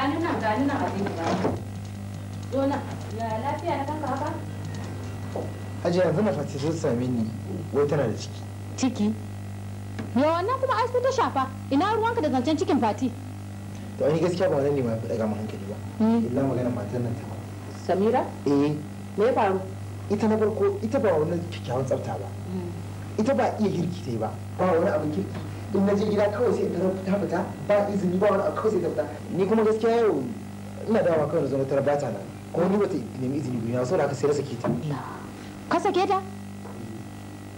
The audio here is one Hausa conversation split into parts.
gani nan gani nan abin ba dona ya lafiya na kanka haka Hajiya yanzu na fati sun sami ni wai tana da ciki. Ciki? Ya wannan kuma ai su ta shafa ina ruwanka da zancen cikin fati. To wani gaskiya ba wannan ne ma daga mu hankali ba. Hmm. Illa magana matan nan ta. Samira? Eh. Me ya faru? Ita na farko ita ba wannan kyakkyawan tsafta ba. Hmm. Ita ba iya girki ta yi ba. Ba wani abin kirki in na je gida kawai sai ta fita ba izini ba wani kawai sai ta fita ni kuma gaskiya yau ina dawa kawai zama tara bata na. ko ni bata nemi izini guri na saboda haka sai na sake ta ka sake ta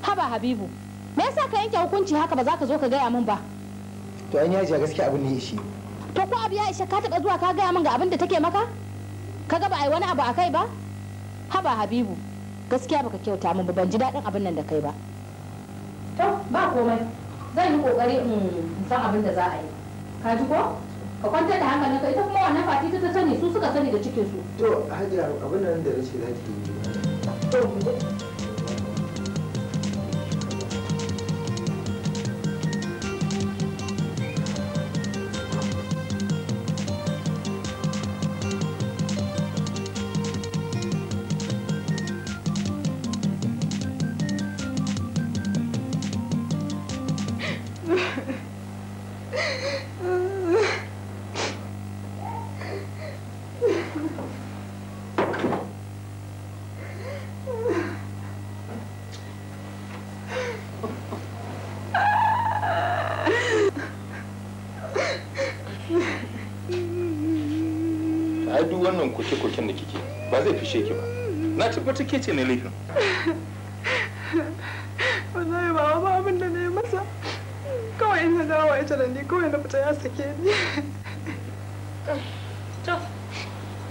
haba habibu me yasa ka yanke hukunci haka ba za ka zo ka gaya min ba to an yaji gaskiya abin ne ishe. to ko abu ya ishe ka taba zuwa ka gaya min ga abin da take maka ka ga ba ai wani abu akai ba haba habibu gaskiya baka kyauta min ba ban ji daɗin abin nan da kai ba to ba komai zai yi kokari in san abin da za a yi ka ji ko ka kwantar da hankalin ka ita kuma wannan fati ta sani su suka sani da cikin su to hajiya abin nan da rashin zaki to cuce ki ba na tabbata ke ce ne laifin wallahi ba ba abin da ne masa kawai ina dawo ita da ni kawai na fita ya sake ni to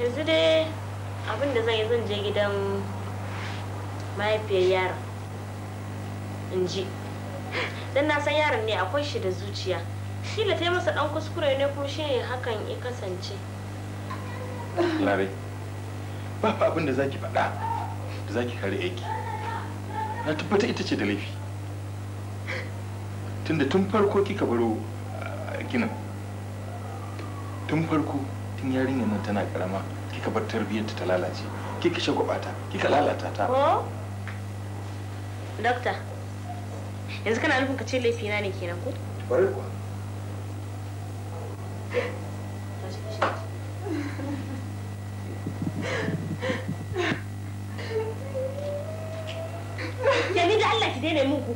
yanzu dai abin da zan yi zan je gidan mahaifiyar yaron in ji don na san yaron ne akwai shi da zuciya shi ta yi masa dan kuskure ne kuma shi ne hakan ya kasance lare ba fa abin da zaki faɗa da zaki kare aiki na tabbata ita ce da laifi tunda tun farko kika baro ah, ginin tun farko tun yarinyar nan tana karama kika bar tarbiyyarta ta lalace kika shagwabata kika lalata ta dokta yanzu kana nufin ka ce laifina ne kenan ko kwarai kuwa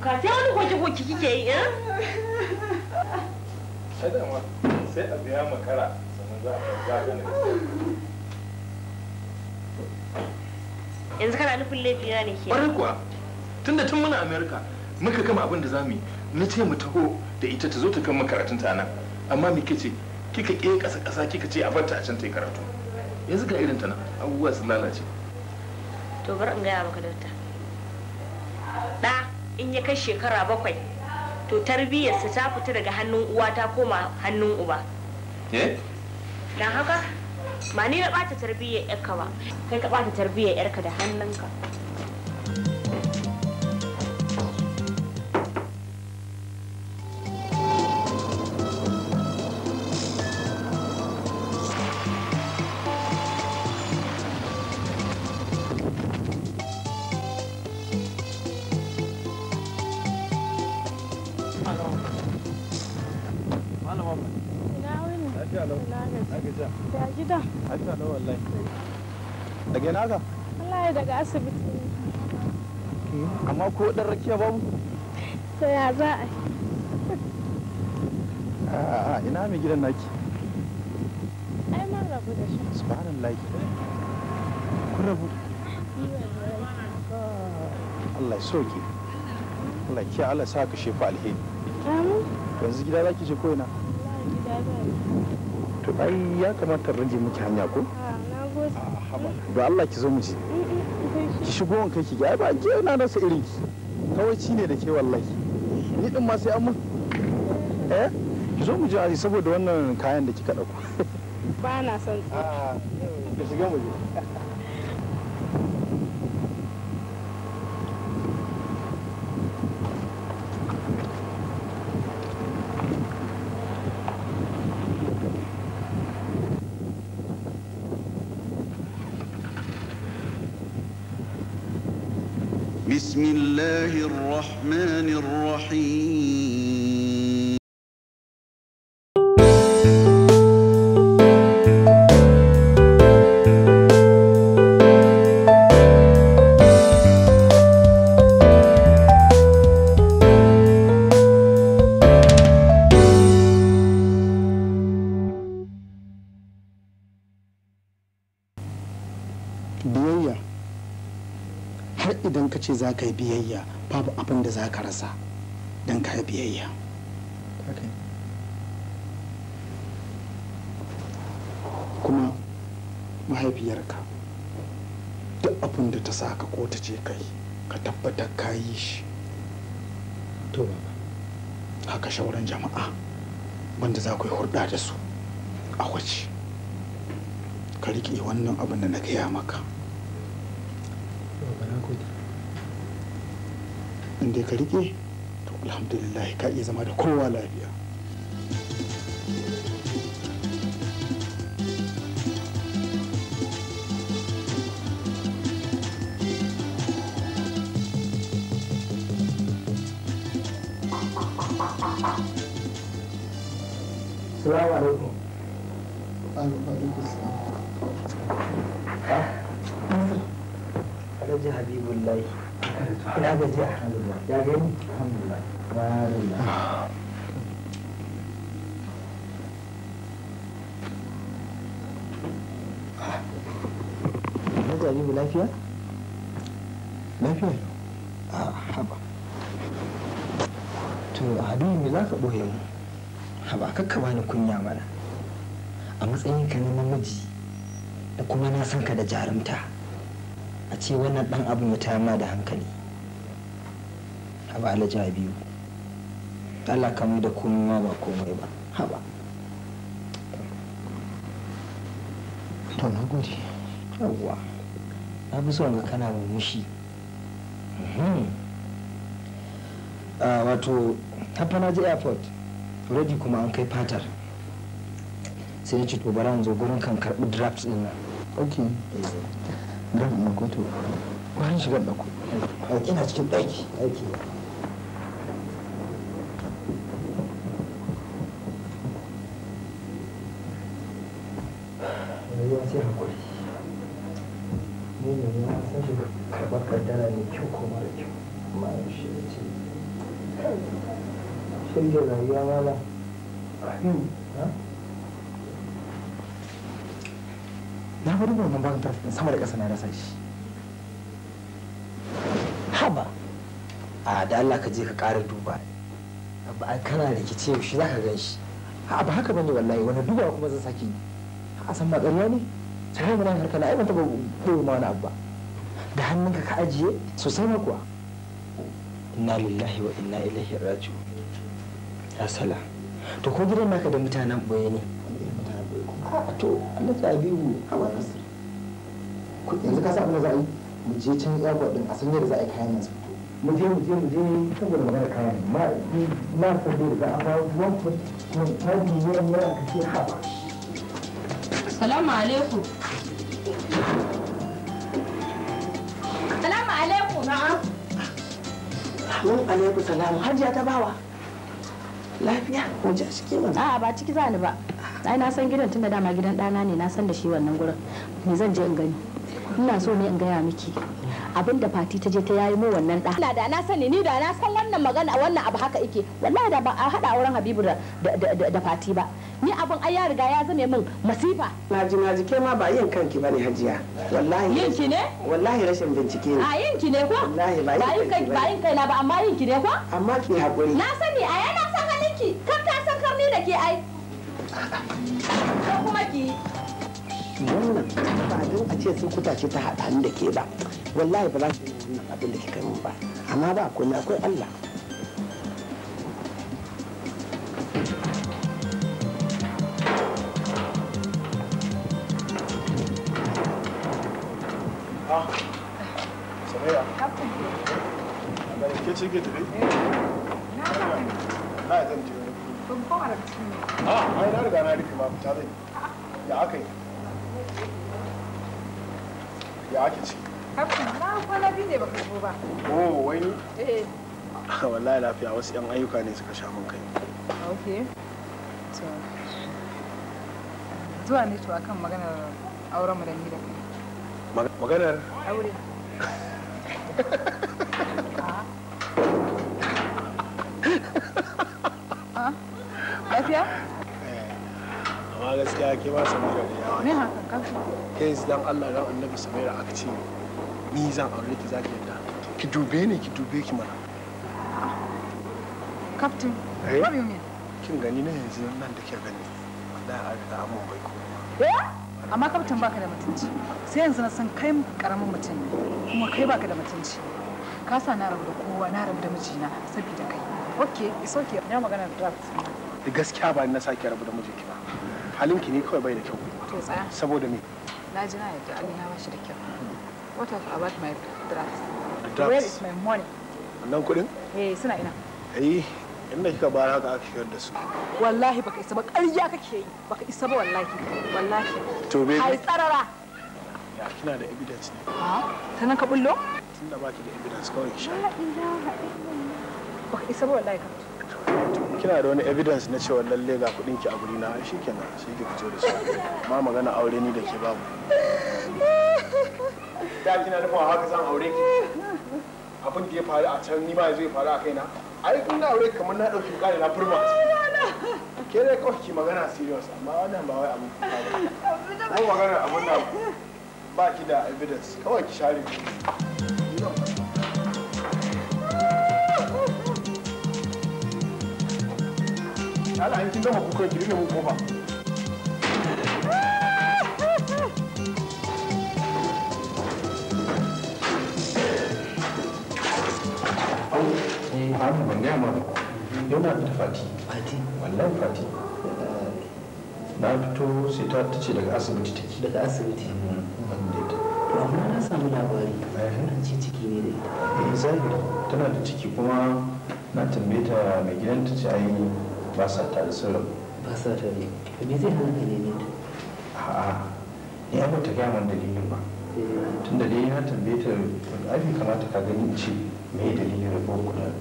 kuka sai wani hoki-hoki kike yi eh? Adama sai a biya makara sannan za a gane Yanzu kana nufin laifina ne ke. Ƙwarai kuwa tunda tun muna Amerika muka kama abin da za mu yi na ce mu taho da ita ta zo ta kan makaratun ta nan amma me kace kika ke ƙasa ƙasa kika ce a barta a can ta yi karatu yanzu ga irin ta nan abubuwa sun lalace. To bar in gaya maka dokta. Da in ya kai shekara bakwai to tarbiyyarsa ta fita daga hannun uwa ta koma hannun uba eh? don haka ma ni na ɓata tarbiyyar yarka ba kai ka ɓata tarbiyyar yarka da hannunka naka wallahi daga asibiti amma ko ɗan rakiya babu to ya za a yi ina mai gidan naki ai man rabu da shi subhanallahi kun rabu Allah soke Allah ke Allah sa ka shefa alheri yanzu gida za ki je ko ina to ai ya kamata rage miki hanya ko da Allah ki zo mu ji ki shigo wanka ki ga ba ke na nasa irin ki kawai ci ne da ke wallahi ni din ma sai an mun eh ki zo mu ji aji saboda wannan kayan da kika dauko ba na son ki shigo mu ji za ka yi biyayya babu abin da za ka rasa don ka yi biyayya kuma mahaifiyarka duk abin da ta sa ka ko ta ce kai ka tabbatar ka yi shi to haka shauran jama'a wanda za ku yi hurɗa da su a wace ka riƙe wannan abin da na gaya maka Baba na in dai ka rike to alhamdulillah ka iya zama da kowa lafiya gajiya ya to hadu me za ka ɓoye mu haba kakka bani kunya mana a matsayin ka neman da kuma na san ka da jarumta a ce wannan ɗan abin ya tayar da hankali haba alhaji biyu Allah kamar da komai ma ba komai ba haba to na gode yawwa na fi son kana murmushi mhm. ah, wato hafa na airport ready kuma an kai fatar sai ya ci to bara zo gurin kan karɓi draft din nan ok draft na kwato bayan shigar da ku eh, ina cikin ɗaki aiki sai haƙuri ne ne san shi karɓar kaddara kyau ko mara kyau amma shi mana na bari ba wannan sama a da Allah je ka ƙara duba ba an kana rikice shi za ka gan shi ba haka bane wallahi wani duba kuma zan saki a san ne sai mun harka na aibanta ba koyi ma wani abba da hannun ka ajiye sosai na kuwa inna lillahi wa inna ilaihi raji'un ya sala to ko gidan naka da mutanen boye ne to Allah ta biyu hawa nasir yanzu ka sa abin da za a yi mu je can airport din a san yadda za a yi kayan nan mu je mu je mu je saboda magana kayan ma ma san da za a ba wani wani wani wani wani wani wani wani Salamu alaikum. Assalamu alaikum. Na'am. Mun alaikum salam. Hajiya ta bawa. Lafiya ko ja ke mana? A'a ba ciki zani ba. Ai na san gidan tunda dama gidan ɗana ne na san da shi wannan gurin. Me zan je in gani? Ina so ne in gaya miki. abin da fati ta je ta yayi mu wannan da. Allah da na sani ni da na san wannan magana wannan abu haka yake. Wallahi da ba a hada auren Habibu da da fati ba. ni abin ai ya riga ya zame min masifa na ji na ji ke ma ba yin kanki bane hajiya wallahi yin ki ne wallahi rashin bincike ne a yin ki ne ko wallahi ba yin kai ba yin kai na ba amma yin ki ne ko amma ki hakuri na sani a yana san halin ki kan ta san karni da ke ai ko kuma ki wannan ba don a ce sun kutace ta haɗa da ke ba wallahi ba za ki yi wannan abin da kika yi ba amma ba kuma akwai Allah ce ke tafi? Eh, na ta Na zan je wani. Babban arakci ne. A, ah, ai na na fita Ya aka Ya ake ci? na kwana biyu ne baka zo ba. Oh, wai ni? Eh. Wallahi lafiya wasu 'yan ayyuka ne suka sha mun kai. Okay. So, zuwa ne to akan maganar auren mu da ni da kai. Maganar? Aure. gaskiya ke ba samira da yawa me haka ke yanzu dan Allah ran annabi samira aka ce ni zan aure ki zaki yadda ki dube ni ki dube ki mana ah. captain eh? what do you mean kin gani na yanzu nan da ke gani wallahi an riga amon bai koma eh? amma captain baka da mutunci sai yanzu na san kai karamin mutum ne kuma kai baka da mutunci ka sa na rabu da kowa na rabu da mijina saboda kai okay it's okay Ya magana da draft gaskiya ba na sake rabu da mijinki halinki ne kawai bai da kyau saboda me na ji na yadda abin ya shi da kyau what of about my drafts drafts where is my money wannan kuɗin eh suna ina eh inda kika bayar haka aka shigar da su wallahi baka isa ba ƙarya kake yi baka isa ba wallahi wallahi to baby ai tsarara ya kina da evidence ne ha ta nan ka bullo tunda baki da evidence kawai insha Allah baka isa ba wallahi ka kina da wani evidence na cewa lalle ga kudin ki a guri na shi kenan shi ke fito da shi ma magana aure ni da ke babu da kina nufin haka zan aure ki abin da ya faru a can ni ma zai faru a kaina ai kun na aure kamar na dauki kare na furma ke dai kawai ki magana serious amma wannan ba wai abin ko magana abin da ba ki da evidence kawai ki share ki Allah in kin gama kuka ki rike mun kofa Abu eh, ban gaya ma yau na fati. Fati? Wallahi fati. Na fito sai ta tace daga asibiti take. Daga asibiti? Mm, to amma na samu labari. Wannan eh. ce ciki ne da ita. Eh zahiri tana da ciki kuma na tambaye ta mai gidanta ce ai ba sa tare sun rabu ba sa tare to me zai hana ka neme ta a'a ni ai ta gaya min dalilin ba eh. tun da dai ya tambaye ta abin kamata ka gani ce me dalilin rabuwar kuɗin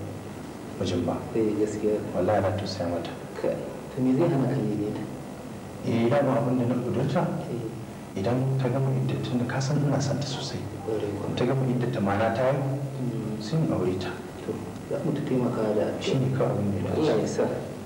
wajen ba eh gaskiya wallahi na tusaya mata kai to me zai hana ka neme ta eh ya ba abin da na kudurta eh. idan ta gama iddatin da kasan ina son ta sosai ta gama iddatin mana ta yi mm. sun aure ta za mu ta taimaka da shi ne kawai ne da Allah ya sa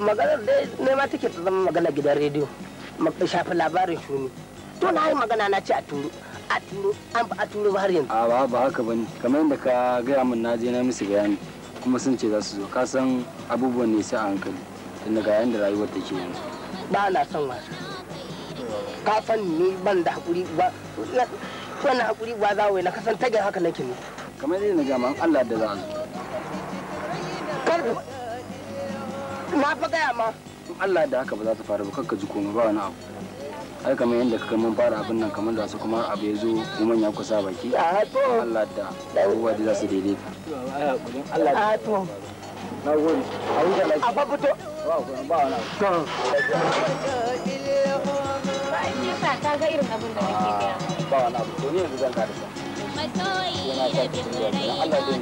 maganar dai nema take ta zama magana gidan rediyo shafi labarin shuni to na yi magana na ce a turu a turu an ba a turu ba har yanzu a ba haka bane kamar yadda ka gaya min na je na musu bayani kuma sun ce za su zo ka san abubuwan ne sai a hankali tun daga yayin da rayuwar take yanzu ba na son wasa ka san ni ban da hakuri ba wannan hakuri ba za wai na kasan tagin haka nake ne kamar yadda na gama Allah da za a zo na fa gaya ma Allah da haka ba za ta faru ba kakka ji komai ba wani abu ai kamar yadda ka mun fara abin nan kamar da su kuma abu ya zo mu manya ku sa baki Allah da abubuwa da za su daidai. Allah to na gode a wuce lafiya a babu to ba wani abu to ka ga irin abin da nake gaya ba wani abu to ne yanzu zan karasa masoyi da bin rai na nake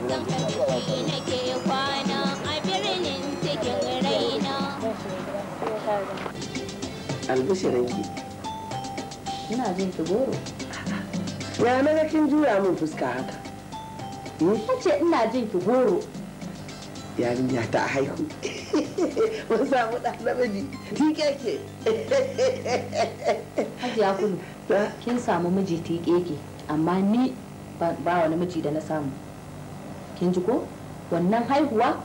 kwana albishirinki ina jin ki goro ya na kin jura min fuska haka hmm? ce ina jin ki goro yarinya ta haihu mun samu ɗan namiji tike ke haji kulu kin samu miji tike ke amma ni ba wani miji da na samu kin ji ko wannan haihuwa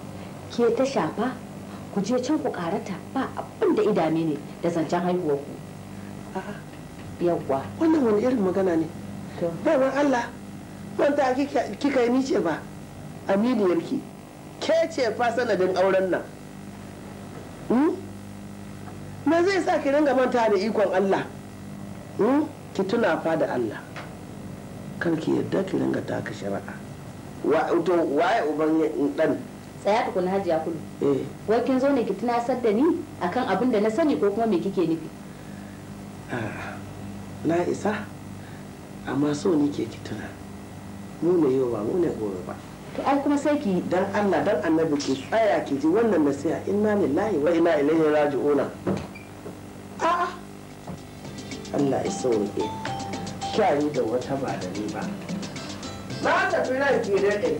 ke ta shafa ku je can ku karata ba abin da idame ne da zancen haihuwar ku yawwa wannan wani irin magana ne ba dama Allah manta kika yi nice ba aminiyarki ke ce fa sanadin auren nan hmm? me zai sa ki ringa manta da ikon Allah hmm? ki tuna fa da Allah kar ki yadda ki ringa taka shari'a wato waye uban ɗan. tsaya kuna hajiya kulu eh. wai kin zo ne ki tunasar da ni akan abin da na sani ko kuma me kike nufi ah, na isa amma so ni ke ki tuna mu ne yau ba mu ne gobe ba to ai kuma sai ki dan Allah dan annabi ki tsaya ki ji wannan nasiha inna lillahi wa inna ilaihi raji'una a Allah isa wuke kyayi da wata ba da ni ba na tafi ran ki dade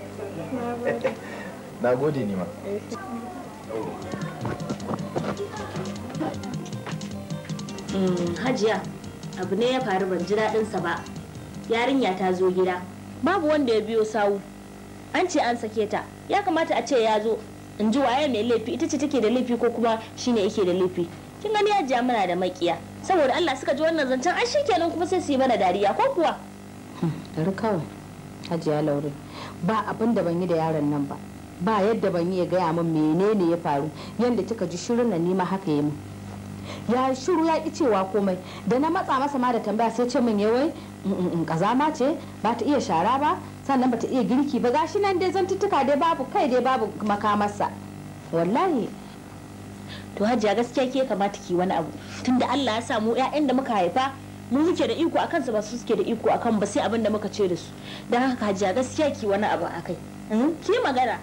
na gode ni ma mm, hajiya abu ne ya faru ban ji daɗinsa ba yarinya ta zo gida babu wanda ya biyo sawu an ce an sake ta ya kamata a ce ya zo in ji waye mai laifi ita ce take da laifi ko kuma shine yake da laifi kin gani hajiya muna da makiya saboda Allah suka ji wannan zancen ai kenan kuma sai su yi mana dariya ko kuwa bari kawai hajiya laure ba abin da ban yi da yaron nan ba ba yadda ban yi ya gaya min menene ya faru yadda kika ji shirin na nima haka yi min ya shiru ya ki cewa komai da na matsa masa ma da tambaya sai ce min yawai kazama mm, mm, mm, ce ba ta iya shara ba sannan ba ta iya girki ba gashi nan dai zantuttuka dai babu kai dai babu makamarsa wallahi to hajiya gaskiya ke kamata ki wani abu tunda Allah ya samu 'ya'yan da muka haifa mu muke da iko akan su ba su suke da iko akan ba sai abin da muka ce da su don haka hajiya gaskiya ki wani abu akai hmm? ki magana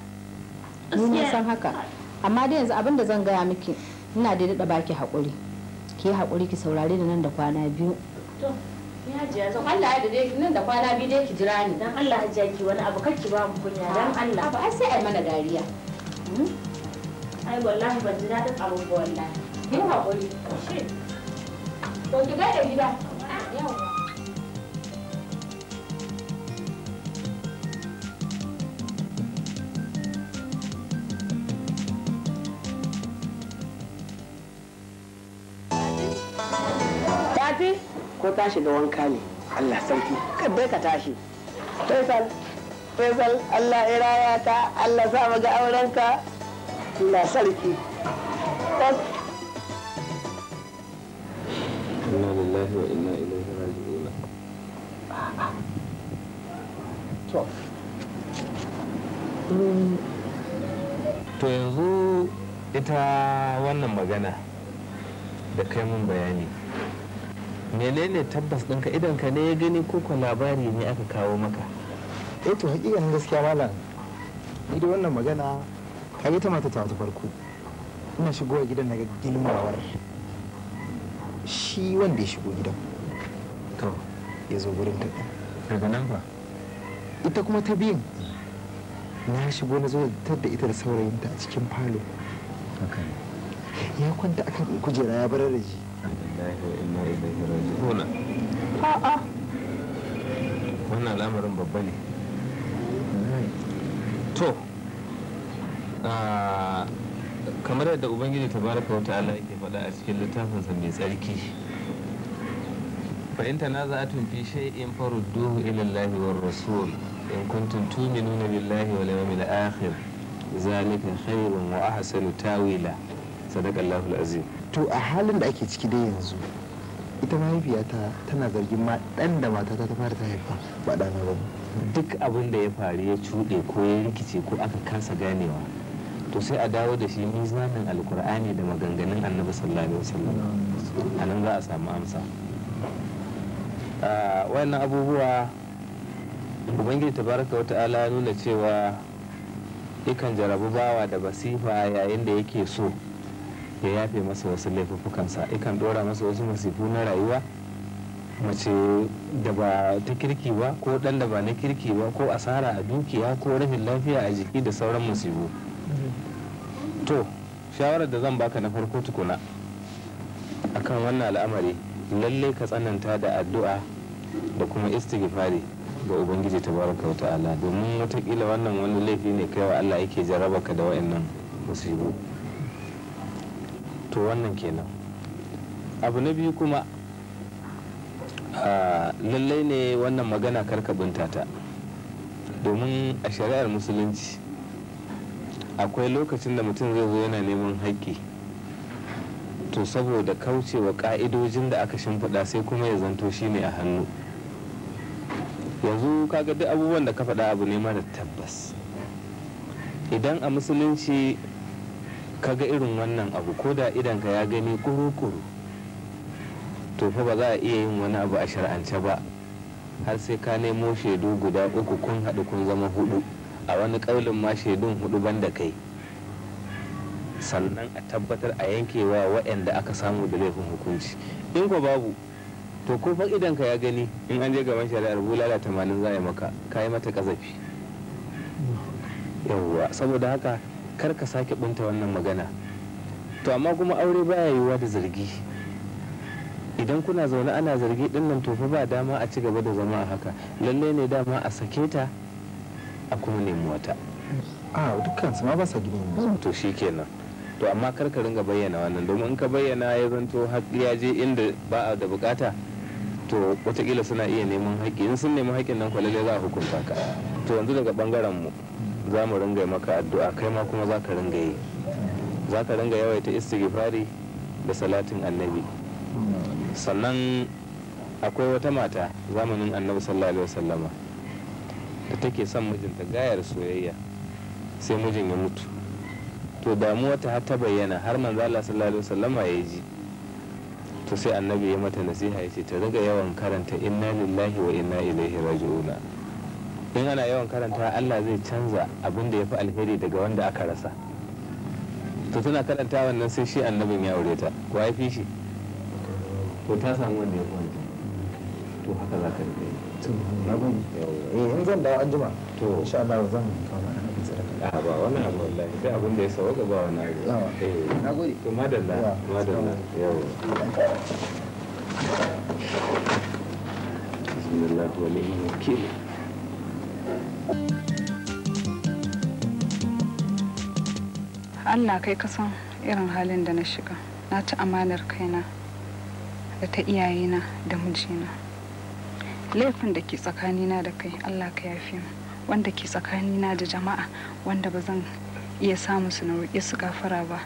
mun san haka amma dai yanzu abin da zan gaya miki ina da daɗa baki haƙuri ki haƙuri ki saurare da nan da kwana biyu hajiya zan Allah ya dade nan da kwana biyu dai ki jira ni dan Allah hajiya ki wani abu kar ki ba mu kunya dan Allah ba ai sai ai mana dariya hmm? ai wallahi ban ji dadin abubuwa wallahi ki haƙuri shi to ki ga da gida ko tashi da wanka ne Allah sarki kadai ka tashi faisal faisal Allah ya raya ka Allah sa ga aurenka Allah sarki inna lillahi wa inna ilaihi raji'un to to yanzu ita wannan magana da kai mun bayani menene tabbas ɗinka idan ka ne ya gani koko labari ne aka kawo maka eh to hakikanin gaskiya malam ni da wannan magana yi ta mata ta farko ina shigo a gidan daga gilmawar shi wanda ya shigo gidan to ya zo gurin ta daga nan ba ita kuma ta biyun na shigo na zo da ita da saurayinta a cikin falo ya kwanta akan kujera ya bar raji lillahi wa inna ilaihi raji'una a'a wannan babba ne to kamar yadda ubangiji tabaraka wa ta'ala yake faɗa a cikin littafinsa mai tsarki فإن تنازعتم في شيء فردوه إلى الله والرسول إن كنتم تؤمنون بالله واليوم الآخر ذلك خير وأحسن تاويلا sadaqallahu azim to a halin da ake ciki dai yanzu ita mahaifiyata tana zargin ma dan da mata ta fara ta haifa ba na ba duk abin da ya faru ya cuɗe ko ya rikice ko aka kasa ganewa to sai a dawo da shi mizanin alkur'ani da maganganun annabi sallallahu alaihi wasallam a nan za a samu amsa wannan abubuwa ubangiji tabaraka wa ta'ala nuna cewa yakan jarabu bawa da basifa yayin da yake so ya yafe masa wasu sa ikan dora masa wasu masifu na rayuwa mace da ba ta kirki ba ko dan da ba na kirki ba ko asara a dukiya ko rashin lafiya a jiki da sauran musibu to shawarar da zan baka na farko tukuna akan wannan al'amari lallai ka tsananta da addu'a da kuma istighfari ga ubangiji tabaraka wa ta'ala domin watakila wannan wani laifi ne kaiwa Allah yake jarraba ka da wayannan musibu to wannan kenan abu na biyu kuma ah, lallai ne wannan magana karka ta domin a shari'ar musulunci akwai lokacin da mutum zai zo yana neman haƙƙi to saboda kaucewa ƙa'idojin da aka shimfiɗa sai kuma ya zanto shi ne a hannu yanzu kaga duk abubuwan da ka faɗa abu ne mara tabbas idan a musulunci kaga irin wannan abu ko da idanka ya gani kuru to fa ba za a iya yin wani abu a shar'ance ba har sai ka nemo shaidu guda uku kun haɗu kun zama hudu a wani ƙaulin ma shaidun hudu banda kai sannan a tabbatar a yankewa waɗanda aka samu da laifin hukunci in ko babu to ko fa idanka ya gani in an je gaban shari'ar bulala tamanin za a yi maka ka yi mata kazafi yawwa saboda haka kar ka sake bunta wannan magana to amma kuma aure baya yiwuwa da zargi idan kuna zaune ana zargi din nan tofa ba dama a ci gaba da zama a haka lallai ne dama a sake ta a kuma nemi wata a dukkan su ma ba sa gidan to shikenan to amma kar ka ringa bayyana wannan domin ka bayyana ya zanto haƙƙi ya je inda ba a da bukata to watakila suna iya neman haƙƙi in sun nemi haƙƙin nan kwalalle za a hukunta ka to yanzu daga bangaren mu za mu ringa maka addu'a kai ma kuma za ka ringa yi za ka ringa yawaita istighfari da salatin annabi sannan akwai wata mata zamanin annabi sallallahu alaihi wasallama da take son mijinta gayar soyayya sai mijin ya mutu to damuwa har ta bayyana har manzo Allah sallallahu alaihi wasallama ya ji to sai annabi ya mata nasiha ya ce ta riga yawan karanta inna lillahi wa inna ilaihi raji'una in ana yawan karanta Allah zai canza abin da ya fi alheri daga wanda aka rasa to tana karanta wannan sai shi annabin ya aure ta ko ya fi shi to ta samu wanda ya fi wanda to haka za ka rike to na eh in zan dawo an jima to insha Allah zan kama mana sadaka a ba wannan abu wallahi sai abin da ya sawa ba wannan abu eh nagode to madalla madalla yawa بسم الله ولي وكيل Allah kai ka san irin halin da na shiga na ci amanar kaina da ta iyayena da mijina laifin da ke tsakanina da kai Allah ka yafe mu wanda ke tsakanina da jama'a wanda ba zan iya samu su na roƙe su gafara ba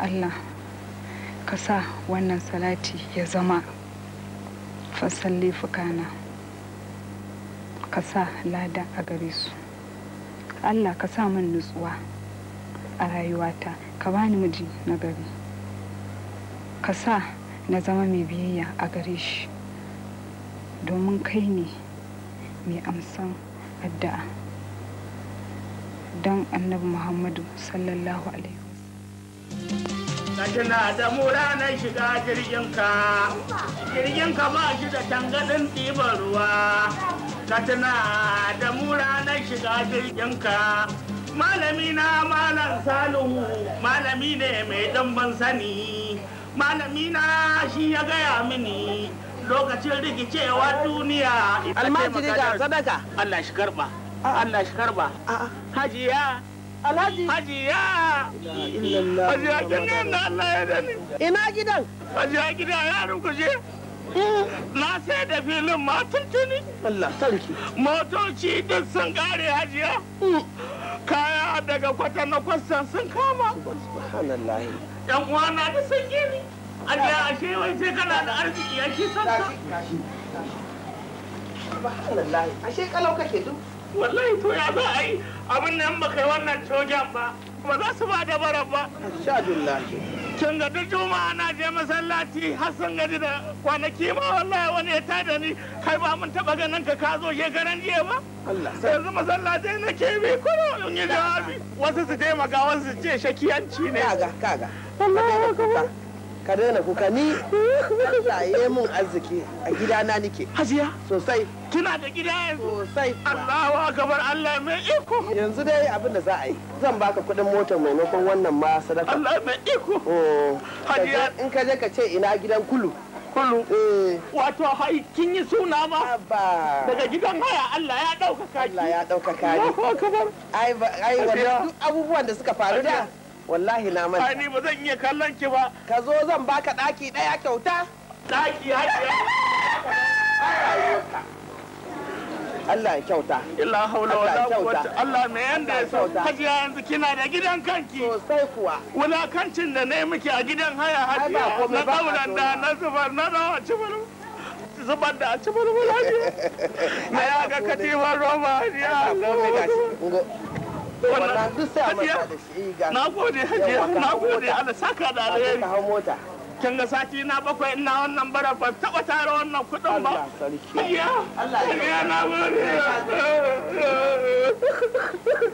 Allah ka sa wannan salati ya zama fasalli fukana. ka sa lada a gare su allah ka sa min nutsuwa a rayuwata ka bani miji na gari ka sa na zama mai biyayya a gare shi domin kai ne mai amsan addu'a don annabi muhammadu sallallahu alaihi tuna da mu ranar shiga jirgin ka ba shi da tangadin ɗiban ruwa ka da mura na shiga jirginka malami na malam salihu malami ne mai ban sani malami na shi ya gaya mini lokacin rikicewa duniya almaji ga sadaka Allah shi karba Allah shi karba hajiya Alhaji. Hajiya. Hajiya gidan da Allah ya dani. Ina gidan? Hajiya gidan ya rukuje na sai da filin ma tuni. Allah sarki motoci duk sun kare hajiya kaya daga kwata na kwastan sun kama subhanallah yan uwana da sun gini a ashe wai sai kana da arziki ake santa subhanallah ashe kalau kake duk wallahi to ya za a yi abin nan baka wannan cojan ba ba za su ba da bara ba sha'adullahi kin ga duk juma'a na je masallaci har sun gaji da kwanaki ma wallahi wani ya tada ni kai ba mun taba ganin ka ka zo garan jiya ba sai yanzu masallaci na ke bi kuma in yi jawabi wasu su taimaka wasu su ce shakiyanci ne kaga kaga ka daina kuka ni Allah ya mun arziki a gidana nake. hajiya sosai kina da gida yanzu sosai Allahu akbar Allah mai iko yanzu dai abin da za a yi zan baka kuɗin mota maimakon wannan ma sadaka Allah mai iko oh. hajiya in ka je ka ce ina gidan kulu kulu eh. wato hai kin yi suna ma daga gidan haya Allah ya dauka ki Allah ya dauka ni ai ai wannan abubuwan da suka faru da wallahi na mai ni ba zan iya kallon ki ba ka zo zan baka daki daya kyauta daki hajiya Allah ya kyauta illa haula wala quwwata Allah ne yanda ya so hajiya yanzu kina da gidan kanki sosai kuwa wulakancin da nayi miki a gidan haya hajiya na dauran da na zubar na dawa cibiru. zubar da cibirin wulaje na ya ga katifar roba hajiya wannan duk sai a manta da shi ga na gode hajiya na gode Allah saka da alheri ka mota kin ga sati na bakwai ina wannan bara ban taba tara wannan kudin ba hajiya hajiya na gode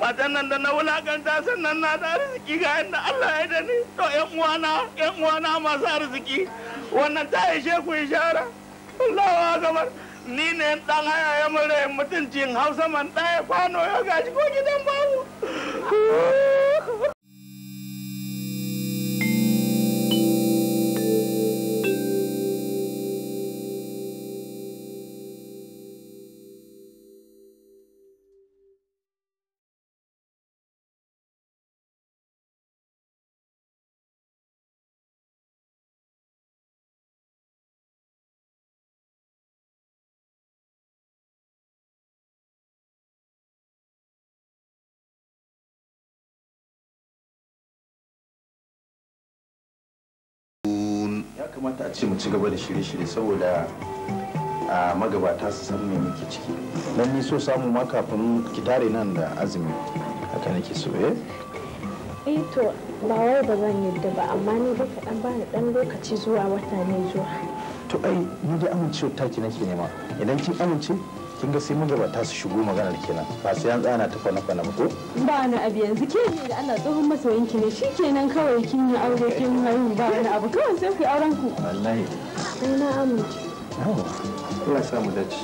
matan nan da na wulakanta sannan na da arziki ga yadda Allah ya dani to yan uwana yan uwana masu arziki wannan ta ishe ku ishara Allahu akbar ni ne dan haya ya mura mutuncin hausa man ɗaya kwano ya gaji ko gidan babu kamata a ce mu ci gaba da shirye-shirye saboda a magabata su san me muke ciki dan ni so samu ma kafin ki tare nan da azumi haka nake so eh, eh to ba wai ba zan yadda ba amma ni ba kaɗan ba ni ɗan lokaci zuwa wata ne zuwa to ai ni dai amincewa taki nake nema idan kin amince kin ga sai mun gaba ta su shigo maganar kenan ba sai an tsana ta kwana kwana ba ko ba na abi yanzu ke ne da Allah tsohon masoyin ki ne shikenan kawai kin yi aure kin haihu ba wani abu kawai sai ku auren ku wallahi sai na amince Allah sa mu dace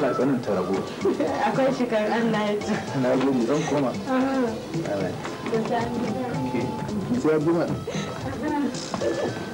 Allah tsanin ta rago akwai shikar Allah ya ci na gode zan koma sai abuma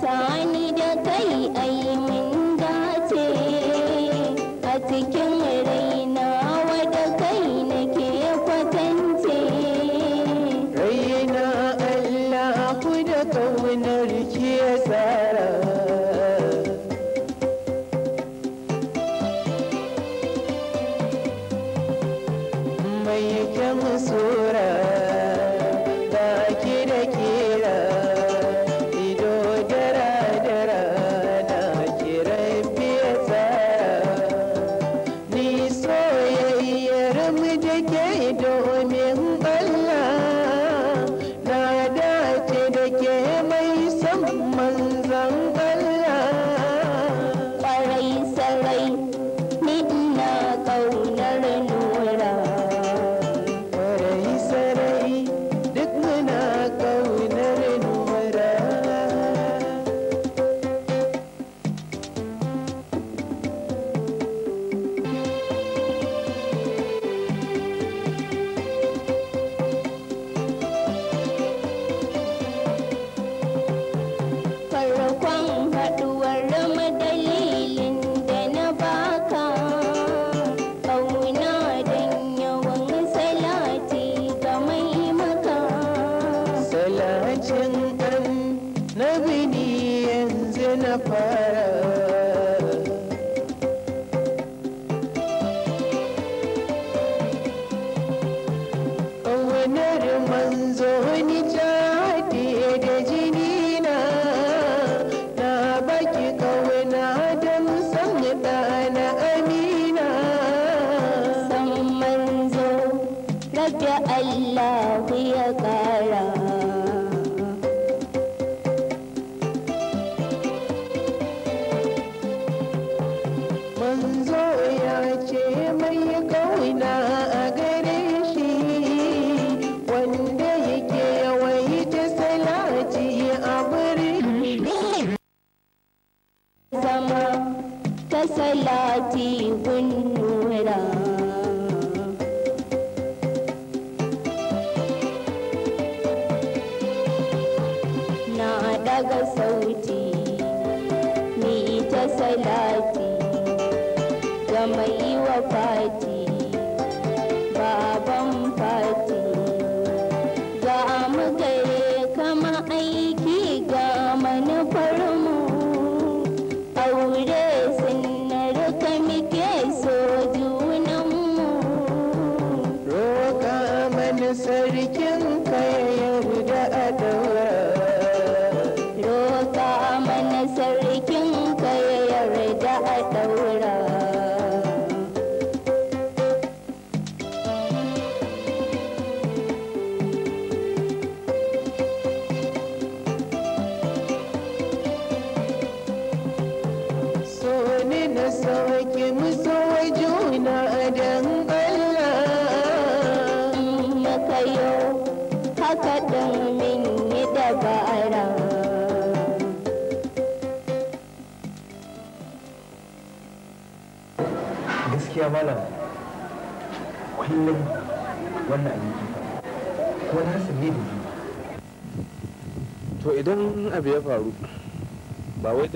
sein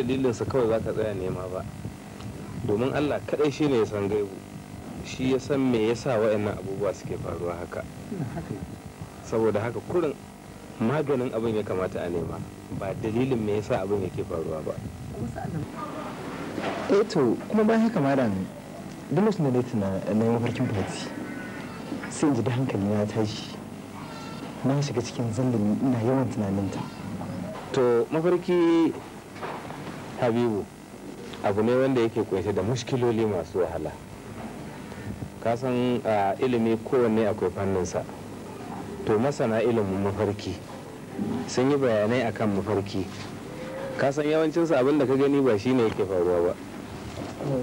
dalilinsa kawai za ka tsaya nema ba domin allah kaɗai shi ne ya san gaibu shi ya san me yasa waɗannan abubuwa suke faruwa haka saboda haka kurin maganin abin ya kamata a nema ba dalilin me yasa abin yake faruwa ba eto eh kuma bayan haka madan duk lokacin da na tuna na yi mafarkin fati sai in ji da hankali na tashi na shiga cikin zandun ina yawan tunaninta to mafarki habibu abu ne wanda yake kunshe da mushkiloli masu wahala kasan ilimi kowanne akwai fannin sa to masana ilimin mafarki sun yi bayanai akan mafarki kasan yawancinsa abin da ka gani ba shine yake faruwa ba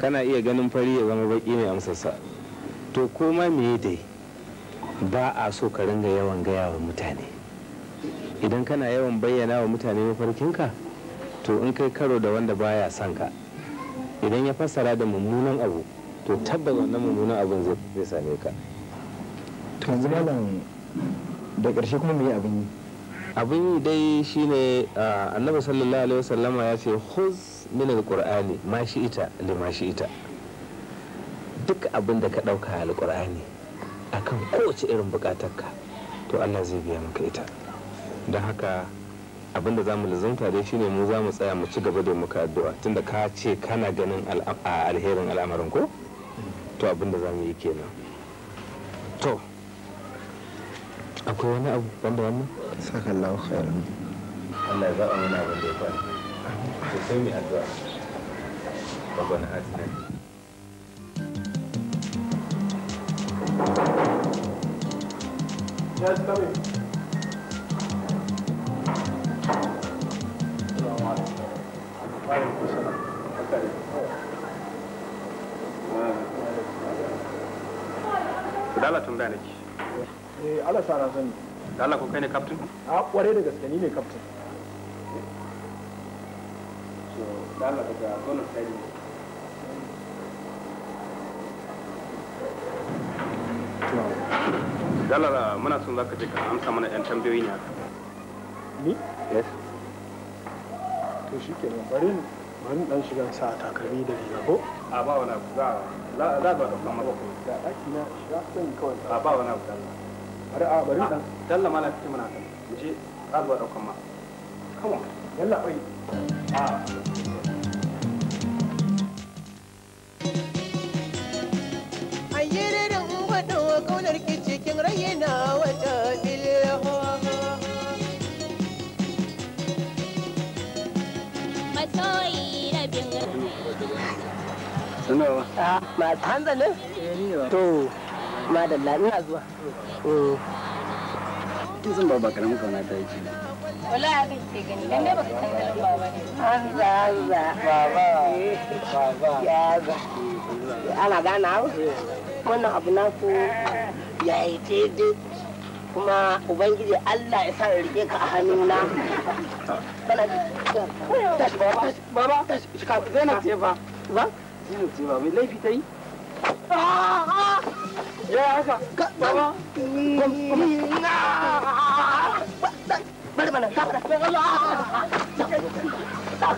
kana iya ganin fari ya zama baki mai amsarsa to koma me dai ba a so ka ringa yawan gaya wa mutane idan kana yawan bayyana wa mutane mafarkinka to in kai karo da wanda baya son ka idan ya fassara da mummunan abu to tabbas wannan mummunan abun zai same ka to yanzu malam da ƙarshe kuma me abin yi abin yi dai shine annabi sallallahu alaihi wasallama ya ce huz min alqur'ani ma shi ita li ma shi ita duk abin da ka dauka alqur'ani akan kowace irin bukatarka to Allah zai biya maka ita don haka abin da zamu lizanta dai shine mu za mu tsaya mu ci gaba da muka addu'a tunda ka ce kana ganin alherin al'amarin ko to abin da za mu yi kenan to akwai wani abu banda wannan saka Allah khairan Allah ya zaɓa mana abin da ya faru to sai mu addu'a babban addu'a Yes, come in. ku dala tun da nake eh ala sara sani dala ko kai ne captain a kware da gaske ni ne captain so dala daga zona sai Dalar muna son za ka je ka amsa mana 'yan tambayoyi ne haka. Ni? Yes. to shi ke nan bari bari dan shiga sa takalmi da riga ko a ba wani abu za a za ba kafa ba ko da daki na shiga san kawai a ba wani abu bari a bari dan dalla ah, mala fiti mana kan mu je za ba daukan ma kawai yalla bai a ah. nawa a ah. ma hanzar ne eh, to madalla ina zuwa kin eh. san baba karamin kauna ta yake wala ke gani dan baka san baba ne hanza hanza baba baba ya ana gana wannan abu na ku ya yi kuma ubangiji Allah ya sa ya rike ka a hannuna baba baba ka ba ba zina ce mai laifi ta yi ya haka bari mana ta fara ta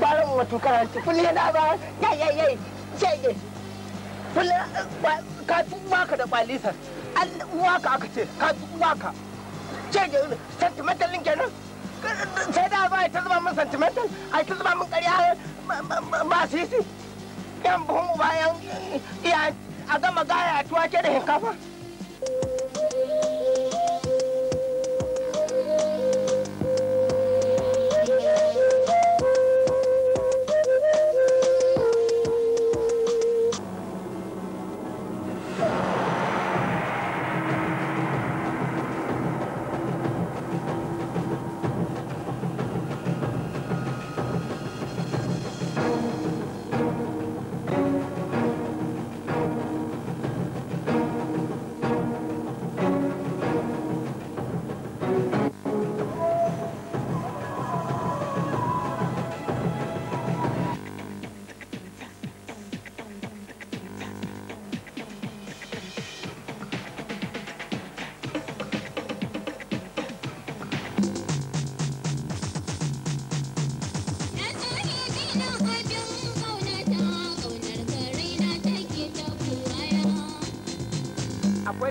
bara mu mutu kana ci kulle ba yai yai yai shege kulle ka tuwa ka da kwalisar an uwa aka ce ka tuwa ka shege sentimental kenan sai da ba ta zuba min sentimental ai ta zuba min ƙarya ba sisi yan buhun bayan eh, a gama gaya tuwa ke da hinkafa.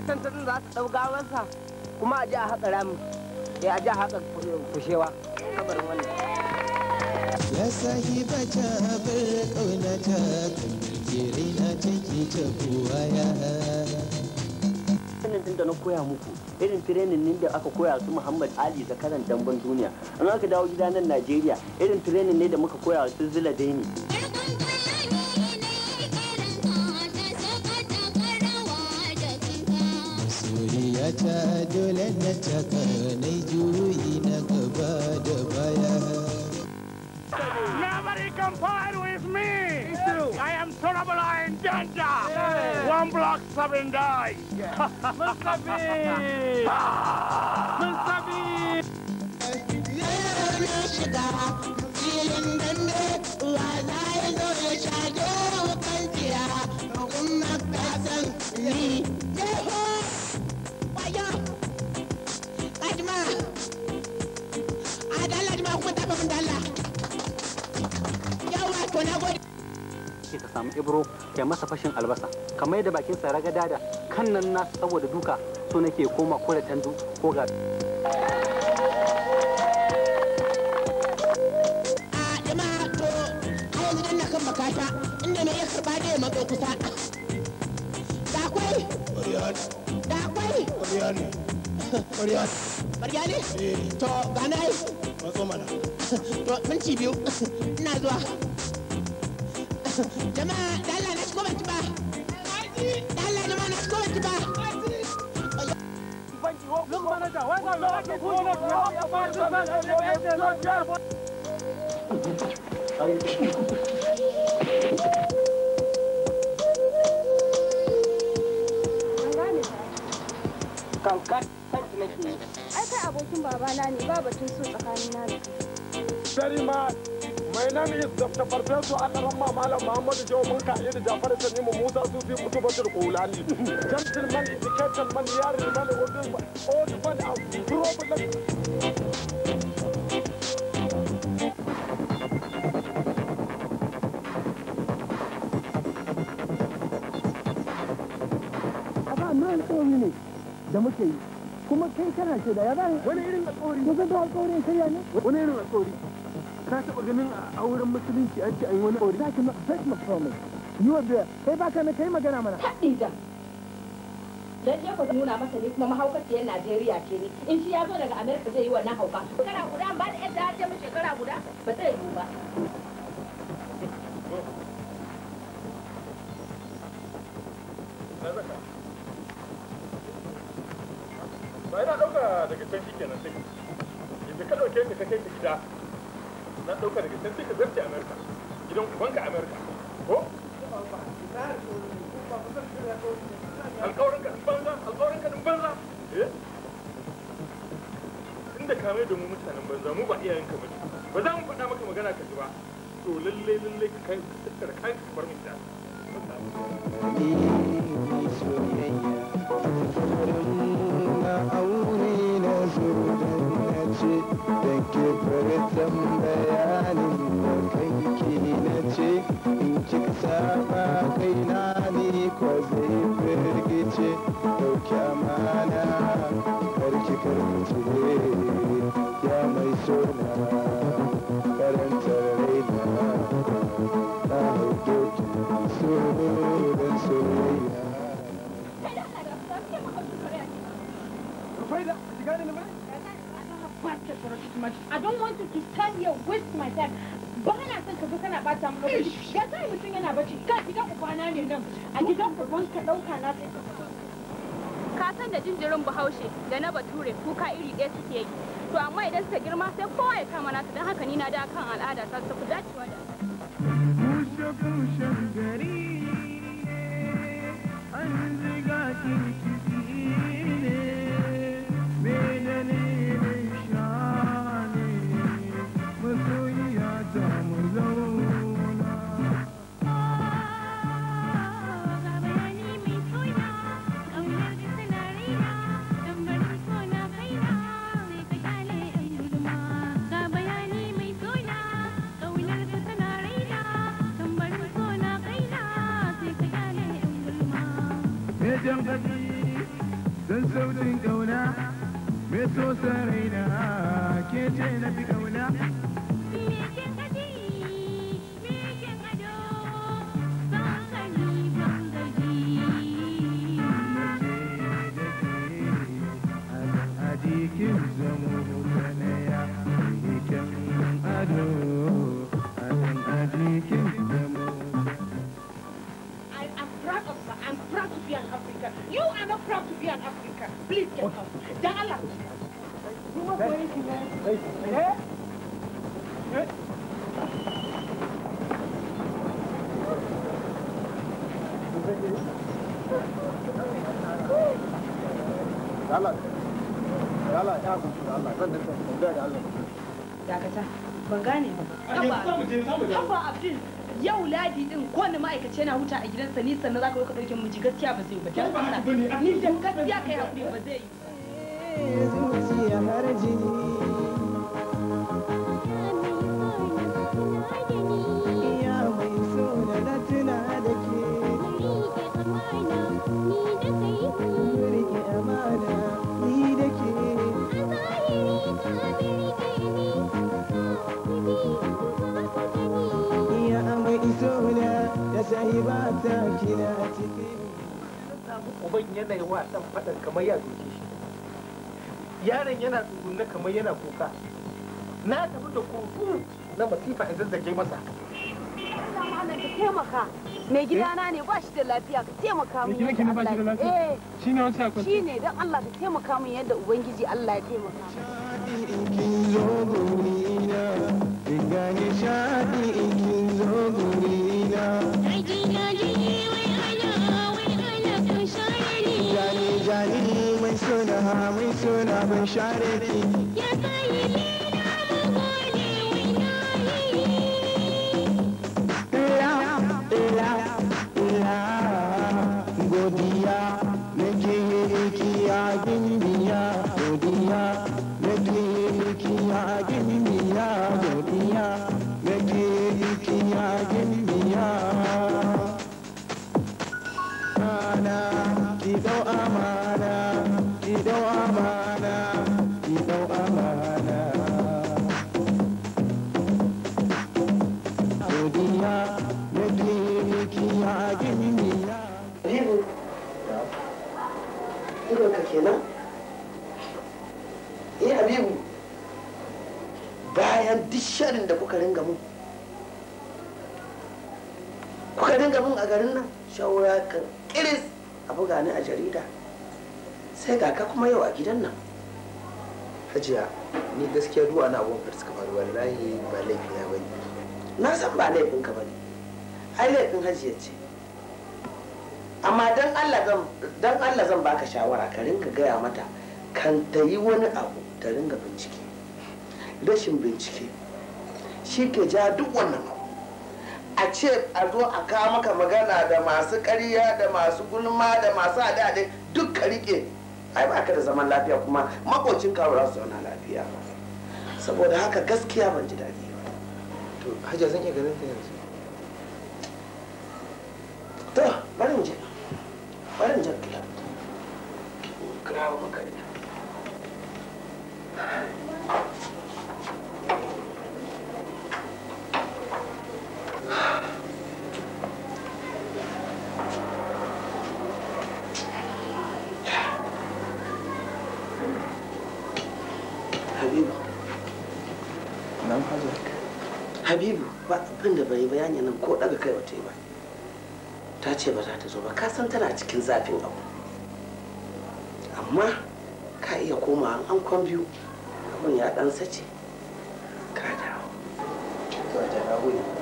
akwai tantanin za su ɗau wasa kuma a ji a haƙa ramin ya eh, a ji a haka fushewa kabarin wannan ya ba ta bar ƙaunata ta kere na take ta ya sanin din da na koya muku irin tirenin ne da aka koya su Muhammad Ali zakaran damban duniya an aka dawo gida nan Najeriya irin tirenin ne da muka koya su Zila Daini Compare with me. Me too. I am Torabala in danger. Yeah. One block, seven die. Yeah. Mr. B. Mr. samu ibro ya masa fashin albasa kamar yadda bakin sa raga dada kan nan na saboda duka so nake koma ko da tandu ko ga inda na iya karba da da akwai to yi matso mana to minci biyu ina zuwa jama'a da na kankan kanki ai kai abokin babana ne ba batun so tsakanina da kai very much My name is Dr. Farfesu Alarama Malam Muhammadu Jau mun ka'i da Jafar Tanimu Musa su Sufi Mutu Bashir Kulani. Gentleman, educated man, yari man, old man, and problem. alkawari ne da muke yi kuma kai kana ce da ya bayan wani irin alkawari ne zan da alkawari ya shirya ne wani irin alkawari ka taɓa ganin a auren musulunci an ce an yi wani aure zaki ma fake ma promise you are there kai baka na kai magana mana haɗi da dan je ku nuna masa ni kuma mahaukaciyar Najeriya ce ni in shi ya zo daga Amerika zai yi wannan hauka shekara guda ba da yadda ya ce mu shekara guda ba zai yi ba yana na huta a gidansa ni sannan zaka ka dauke miji gaskiya ba zai ba dan Allah ni dan gaskiya kai hakuri ba zai yi eh, wa dan faɗan kamar ya doke shi yaron yana tsugunne kamar yana kuka na tafi da kuku na masifa in zazzage masa taimaka mai gidana ne ba shi da lafiya ka taimaka min yadda Allah ya taimaka eh. shi ne wasu akwai shi ne don Allah ka taimaka min yadda ubangiji Allah ya taimaka kin zo gurina in gane shaɗi in kin zo gurina suna mun share ki bincike shi ke ja duk wannan a ce a zo a kawo maka magana da masu ƙarya da masu gulma da masu adadai duk ka rike ai ba ka da zaman lafiya kuma makocin kawo za su zauna lafiya saboda haka gaskiya ban ji daɗi ba to hajja zan iya ganin ta yanzu to bari mu je bari mu je kila kira wa makarita yarinya nan ko daga kai wata ba ta ce ba za ta zo ba ka san tana cikin zafin abu amma ka iya komawa an kwan biyu abin ya dan sace ka dawo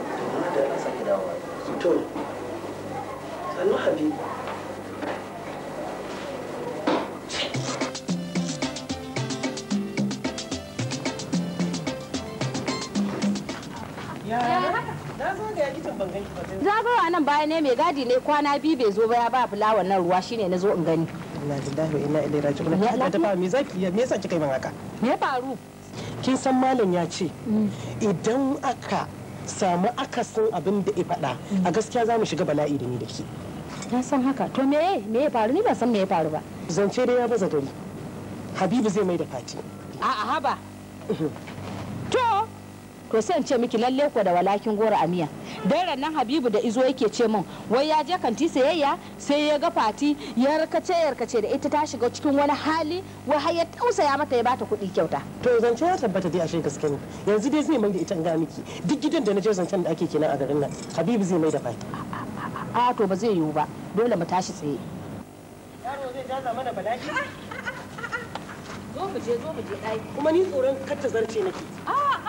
baya ne mai gadi ne kwana biyu bai zo ba ya ba fulawa nan ruwa shine na zo in gani me yasa kika yi min haka me faru kin san malam ya ce mm. idan aka samu akasin abin da ya faɗa mm. a gaskiya za mu shiga bala'i da ni da ke na san haka to me me ya faru ni ban san me ya faru ba zance dai ya baza gari habibu zai mai da fati a'a haba uhuh. to sai in ce miki lalle ko da walakin goro a miya dan rannan habibu da izo yake ce min wai ya je kanti sayayya sai ya ga fati ya rakace ya rakace da ita ta shiga cikin wani hali wai har ya tausaya mata ya bata kuɗi kyauta to zance ya tabbata dai ashe gaske ne yanzu dai zai mai da ita ga miki duk gidan da na je zancen da ake kenan a garin nan habibu zai mai da fati a to ba zai yiwu ba dole mu tashi tsaye yaro zai jaza mana bala'i zo mu je zo mu je kuma ni tsoron kar ta zarce nake a'a ah!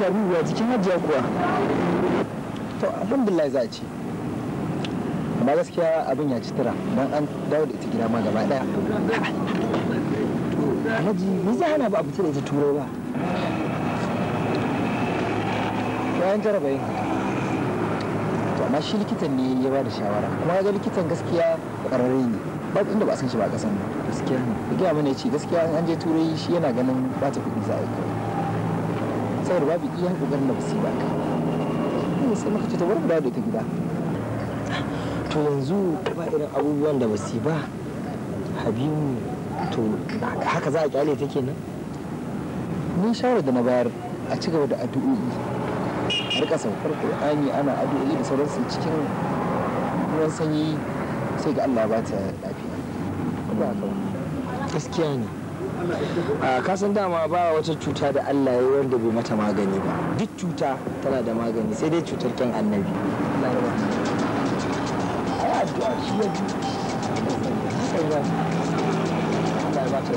jabiru ya jikin kuwa to alhamdulillah za a ce amma gaskiya abin ya ci tara don an dawo da ita gida ma gaba daya alhaji ni za hana ba a fita da ita turai ba bayan jarabayin to amma shi likitan ne ya ba da shawara kuma ga likitan gaskiya ƙwararre ne ba inda ba san shi ba kasan ƙasan gaskiya ne ya gaya mana ya ce gaskiya an je turai shi yana ganin ba ta kuɗi za a yi kawai sayar babu iyan ƙoƙarin da basu ba kai sai maka ce ta bari da ita gida to yanzu ba irin abubuwan da basu ba habibu to haka za a kyale ta kenan ni shawarar da na bayar a ci gaba da addu'o'i a rika saukar qur'ani ana addu'o'i da sauransu cikin ruwan sanyi sai ga Allah ba ta lafiya ba gaskiya ne ka san dama ba wata cuta da Allah ya wanda bai mata magani ba duk cuta tana da magani sai dai cutar kan annabi addu'a shi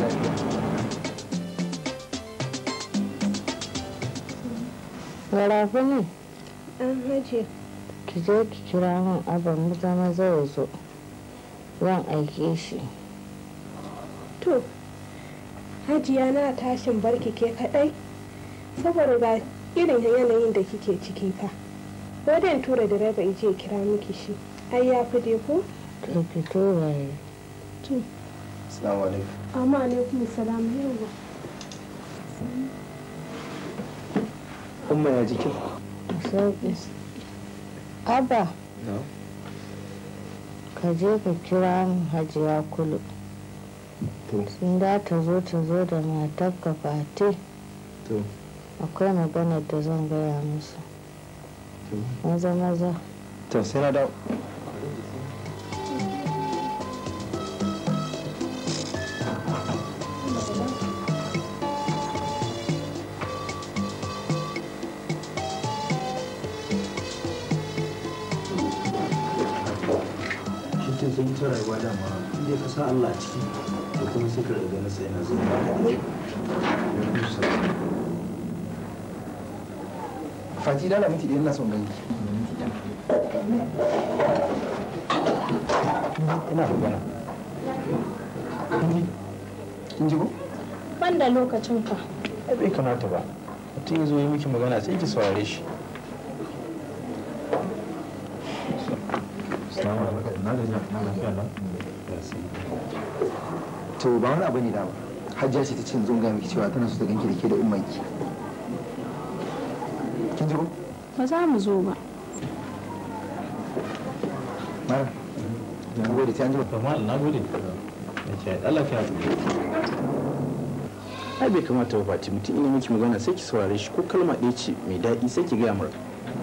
Warafi ne? hajji. Ki je ki kira min abin mutane zai zo. Zan aike shi. hajiya na tashin barki ke kadai saboda ba irin yanayin da kike ciki fa wadan tura direba ije kira miki shi ai ya fi dai ko to waye to assalamu alaikum amma alaikum assalam yawa umma ya jikin sauki abba ka je ka kira hajiya kulu sun da ta zo ta zo da matar ka akwai magana da zan gaya musu maza maza to sai na dawo sun dama inda ciki da kuma suka riga na sai na zo ba fati da laminti da yana son gani ina magana in ji ko ban da lokacin ka bai kamata ba mutum ya zo yi miki magana sai ki saurare shi Assalamu alaikum. Na na lafiya na. to ba wani abu ne da ba hajjiya ce ta ce zo ga miki cewa tana so ta ganki da ke da ummanki kin ji ko ba za mu zo ba mara na gode ta an ji ba mara na gode Allah ka ai bai kamata ba fati mutum ina miki magana sai ki saurare shi ko kalma ɗaya ce mai daɗi sai ki gaya mara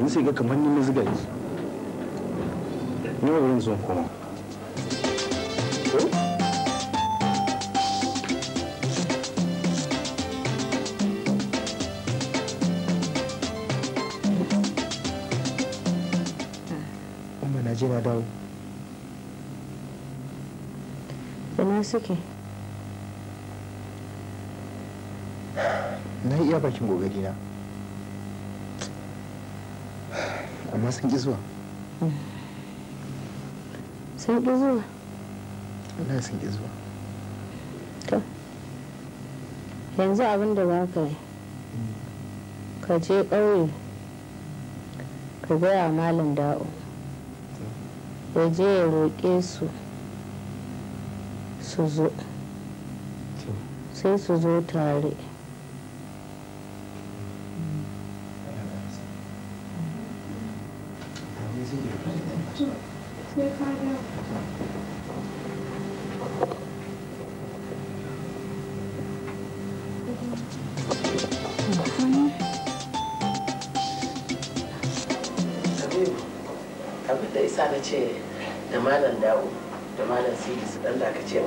in sai ga kamar ni na zuga ni ba wurin zo koma suke na iya bakin gogari na amma sun ƙi zuwa sun ƙi zuwa Allah sun ƙi zuwa to yanzu abin da za yi ka je ƙauye ka gaya malam da'o ya je ya roƙe su su zo sai su zo tare abin da isa na ce da malam dawo da malam sidi su dan dakace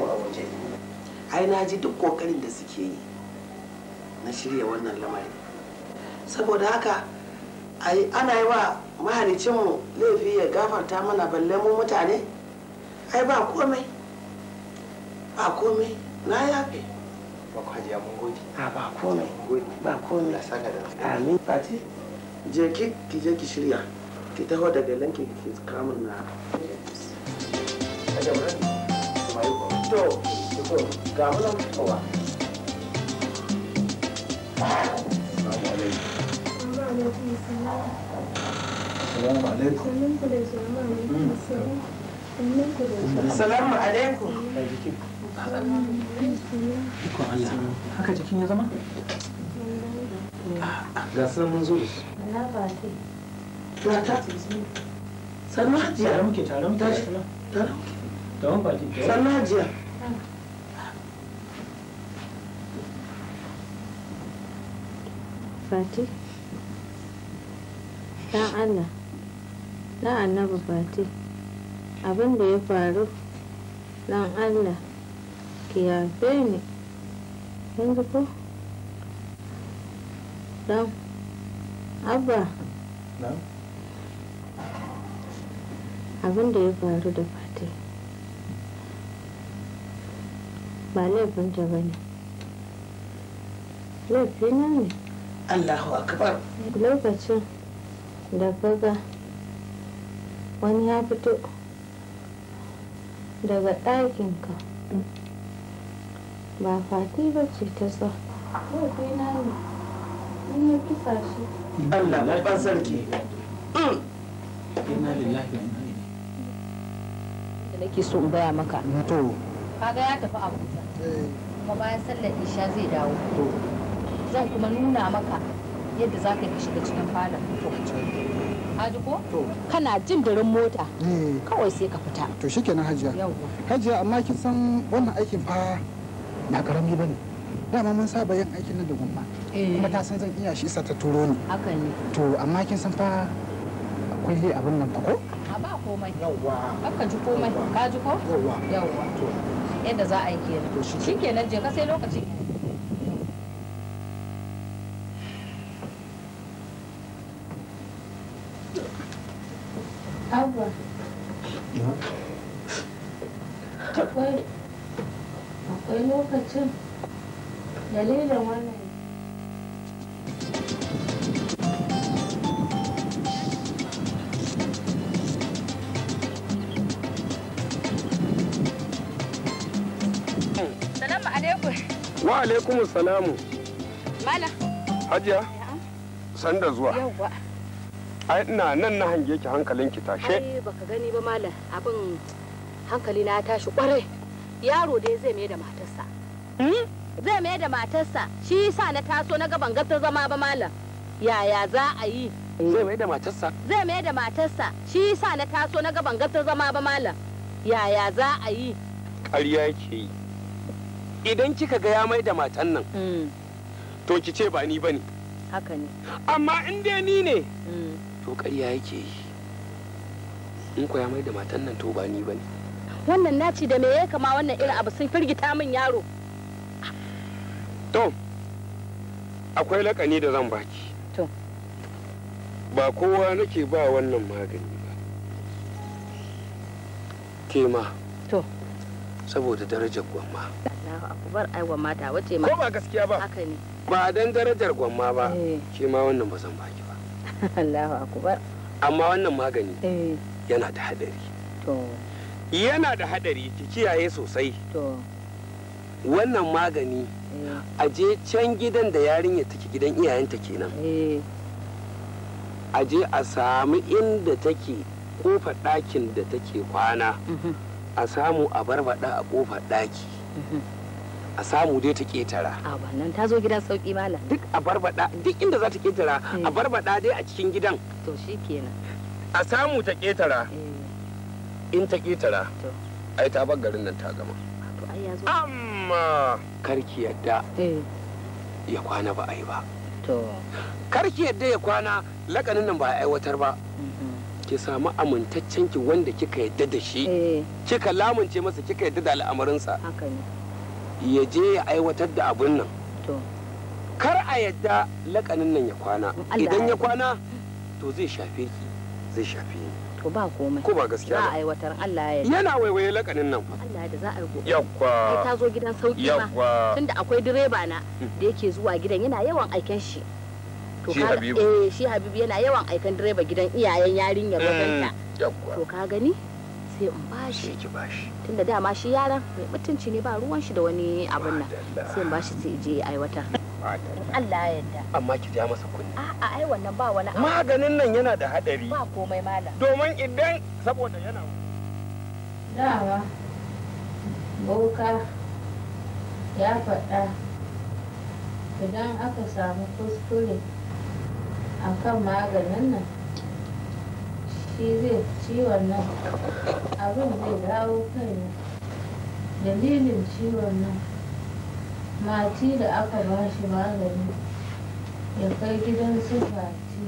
ai na ji duk kokarin da suke yi na shirya wannan lamari saboda haka ana yi wa mahalicinmu laifi ya gafarta mana balle mu mutane ai ba komai ba komai na yafe hajiya mun gode a ba komai ba komai amin fati jeki ki je ki shirya ki taho daga lanki ki kamun na to to alaikum. Allah. Haka jikin ya zama? Ga sunan mun zo da su. Na ba ke. Na ta. Sannu hajiya. Tare muke tare muke. Tare muke. Tare muke. Sannu hajiya. fati dan allah annabi fati abin da ya faru dan allah ki yafe ni yanzu ko dan abba abin da ya faru da fati ba laifinta ba ne laifina ne Allahu akbar. Lokacin da kaga wani ya fito daga ɗakinka ba fati ba ce ta sa. Lokacina ne, in ya kisa shi. Allah na ban sarki. Mm. Inna lillahi wa Da nake so in baya maka. To. Kaga ya tafi Abuja. Eh. Kuma bayan sallar Isha zai dawo. zan kuma nuna maka yadda za ka shiga cikin falon haji ko kana jin birin mota eh. kawai sai ka fita to shikenan hajiya hajiya amma kin san wannan aikin fa ba karami bane dama mun saba yin aikin nan da gumma eh. kuma ta san zan iya shi sa ta turo ni haka ne to amma kin san fa akwai abin nan fa ko a ba komai yawwa haka ji komai ka ji ko yawwa yadda za a yi kenan kenan je ka sai lokaci Wa alaikum salamu. Mala. Hajiya. Sanda zuwa. Ai ina nan na hange ki hankalin ki tashe. Ai baka gani ba mala abin hankali na tashi kwarai. Yaro dai zai mai da matarsa. Hmm? Zai mai da matarsa shi yasa na taso na gaban gabta zama ba mala. Yaya za a yi? Zai mai da matarsa? Zai mai da matarsa shi yasa na taso na gaban gabta zama ba mala. Yaya za a yi? Ƙarya ke yi. idan kika ga ya mai da matan nan hmm. to ki ce ba ni ba ne haka ne amma in dai ni ne hmm. to ƙarya yake yi in ku ya mai da matan nan to ba ni ba ne wannan naci da me ya kama wannan irin abu sun firgita min yaro to akwai lakani da zan baki to ba kowa nake ba wannan magani ba ke ma to saboda darajar gwamma Allahu akbar ai gwamma ta wace ma. Ko ba gaskiya ba. Haka ne. Ba dan darajar gwamma ba. Eh. Shi ma wannan ba zan baki ba. Allahu akbar. Amma wannan magani eh. yana da hadari. To. Yana da hadari ki kiyaye sosai. To. Wannan magani eh. a je can gidan da yarinya take gidan iyayenta kenan. A je a samu inda take kofa ɗakin da take kwana. Mhm. a samu a barbada a kofar ɗaki mhm. a samu dai ta ketara a wannan ta zo gidan sauki malam duk a barbada duk inda za ta ketara a hmm. barbada dai a cikin gidan to kenan. a samu ta ketara eh. in ta ketara ai ta bar garin nan ta gama amma karki yadda eh. ya kwana ba a yi ba karki yadda ya kwana lakanin nan ba a aiwatar ba mm-hmm. ki samu amintaccen ki wanda kika yadda da shi eh. kika lamunce masa kika yadda da al'amarinsa ya je ya aiwatar da abun nan kar a yadda lakanin nan ya kwana idan ya kwana to zai shafe ki zai shafe ni to ba komai ko ba gaskiya ba aiwatar Allah ya yana waiwaye lakanin nan fa Allah da za a go yakwa ai ta zo gidan sauki ma tunda akwai direba na mm. da yake zuwa gidan yana yawan aiken shi to shi habibu eh shi habibu yana yawan aiken direba gidan iyayen yarinyar mm. wajenta to ka gani sai in shi, tunda dama shi yaran mai mutunci ne ba ruwan shi da wani abun nan sai in shi sai je aiwatar Allah ya yarda amma ki ja masa kunni a'a ai wannan ba wani maganin nan yana da hadari ba komai malam domin idan saboda yana dawa boka ya faɗa idan aka samu kuskure akan maganin nan shi zai ciwon nan abin zai dawo kaina dalilin ciwon nan mati da aka ba shi magani ya kai gidan su fati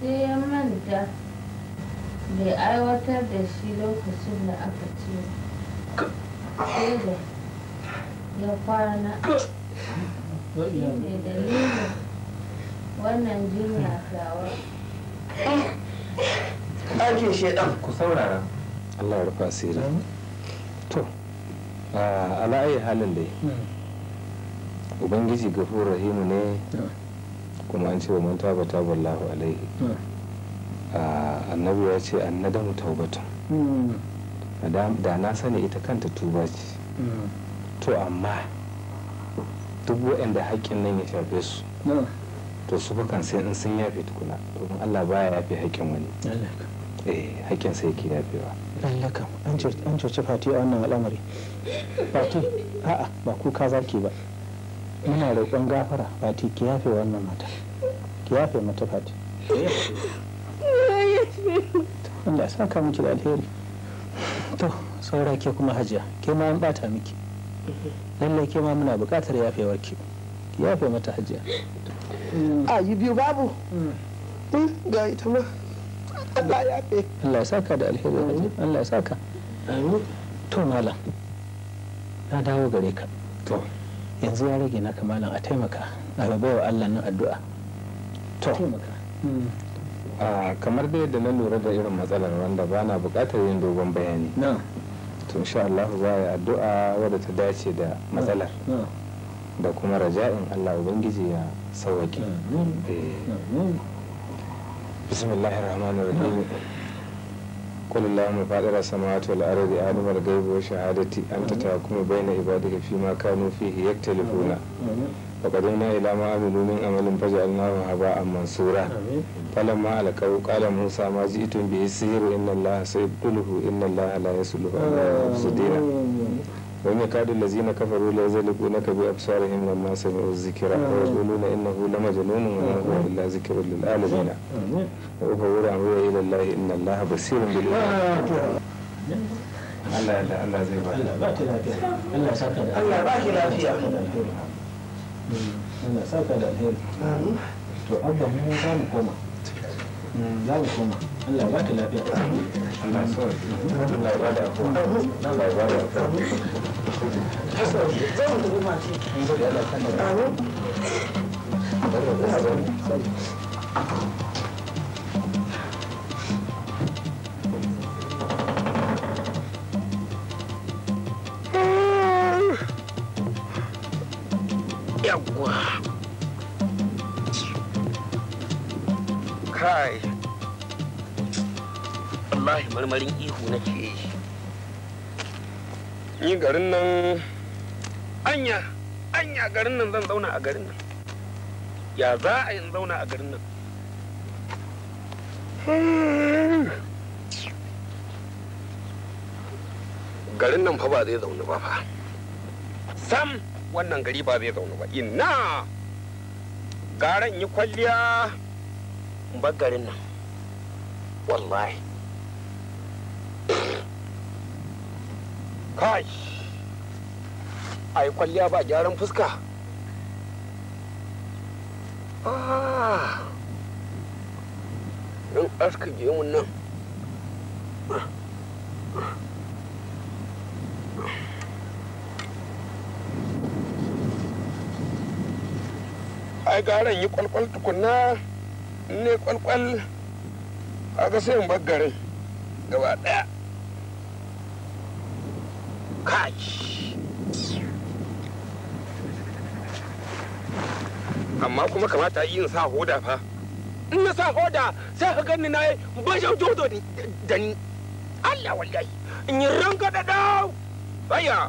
sai ya manta bai aiwatar da shi lokacin da aka ce sai da ya kwana shi ne dalilin wannan jinya tawa Ajin shaidan. Ku saurara. Allah ya rufa asiri. To, ala ayi halin dai. Hmm. Ubangiji gafur rahimu ne hmm. kuma an ce wa man taba taba Allahu alaihi. Hmm. Annabi ya ce annadamu taubatan. Da na sani ita kanta tuba ce. To amma duk waɗanda haƙƙin nan ya shafe su. to su kan sai in sun yafe tukuna domin Allah baya yafe haƙƙin wani eh haƙƙin sai yake yafewa lallaka an cuci fati a wannan al'amari fati a'a ba kuka zaki ba muna roƙon gafara fati ki yafe wannan mata ki yafe mata fati Allah ya saka miki da alheri to saura ke kuma hajiya ke ma an bata miki lallai ke ma muna buƙatar yafewar ki yafe mata hajiya a yi biyu babu hmm, ga ita ma Allah ya fi Allah ya saka da alheri Allah ya saka to malam na dawo gare ka to yanzu ya rage na kamalan a taimaka a rabawa Allah nan addu'a to hmm. kamar da yadda na lura da irin matsalar wanda ba na bukatar yin dogon bayani to insha Allah za a yi addu'a wadda ta dace da matsalar da kuma raja'in Allah Ubangiji ya bismillahi irrahanu rahim mu faɗi da samatu al'adar da alamar gaiba shahada ta harka ta kuma bai na yi ba da haifar da ta fi ma kanu fiye da talabula ba karen na ila ma abu ne amalin baje al'anahau ba a masu sura ma alƙawu kala musa ma ji ita bai yi siyar da sai dillu da yin laha ya fi وإن يكاد الذين كفروا ليزلقونك بأبصارهم لما سمعوا الذكر ويقولون إنه لمجنون وما هو إلا ذكر للعالمين وأبور أمره إلى الله إن الله بصير بالعباد Allah da Allah zai ba. Allah ba ki lafiya. Allah saka da. Allah ba ki lafiya. Allah saka da alheri. To abba mu za mu koma. Mm, za mu koma Allah ba ta lafiya ku Allah da ku zan da ku wallahi marmarin ihu na ce shi ni garin nan anya anya garin nan zan zauna a garin nan ya za a yin zauna a garin nan garin nan fa ba zai zaune ba fa sam wannan gari ba zai zaune ba ina garan yi kwalliya ba garin nan wallahi kai ai kwalliya ba gyaran fuska ah! don aska gemun nan ai garan yi kwalkwal tukunna ne kwalkwal a ga sai in garin gaba daya kai amma kuma kamata yin sa hoda fa in na sa hoda sai ka ganni na bashin jodo da ni Allah wallahi in yi ranka da dau baya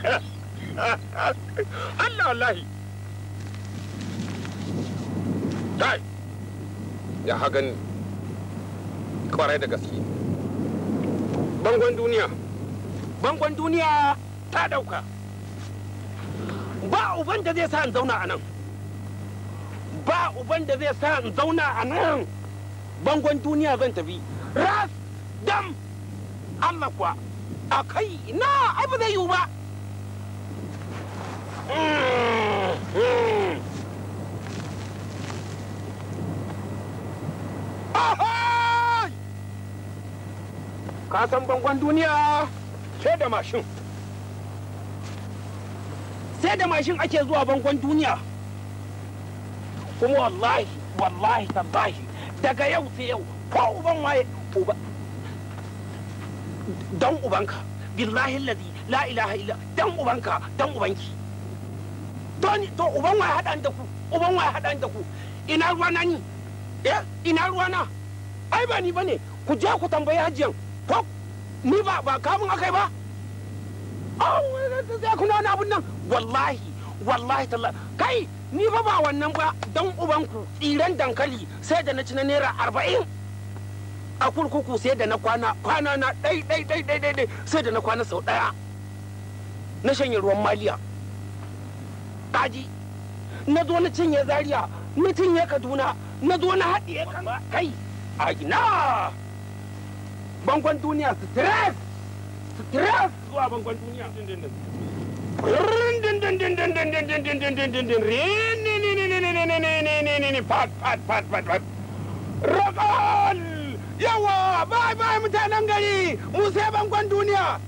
Allah wallahi kai ya hagan kwarai da gaske bangon duniya bangon duniya ta dauka ba uban da zai sa in zauna a nan ba uban da zai sa in zauna a nan bangon duniya zan tafi ras dam amma kuwa a kai na abu zai yiwu ba mm, mm. Aha! ka san bangon duniya sai da mashin sai da mashin ake zuwa bangon duniya kuma wallahi wallahi tallahi daga yau sai yau ko uban waye uba dan ubanka billahi allazi la ilaha illa dan ubanka dan ubanki don to uban waye hada da ku uban waye hada da ku ina ruwa na ni eh ina ruwa na ai ba ni bane ku je ku tambayi hajiyan ko ni ba ba kamun yi ba zai kuna wani abun nan wallahi wallahi kai ni ba ba wannan ba dan ubanku tsiren dankali sai da na ci na naira arba'in a kurkuku sai da na kwana kwana na ɗai ɗai ɗai sai da na kwana sau ɗaya na shanye ruwan maliya kaji na zo na cinye Zariya, na cinye kaduna na zo na haɗiye kai a ina bangon duniya stress stress zuwa bangon duniya yawa bai bai mutanen gari mu sai bangon duniya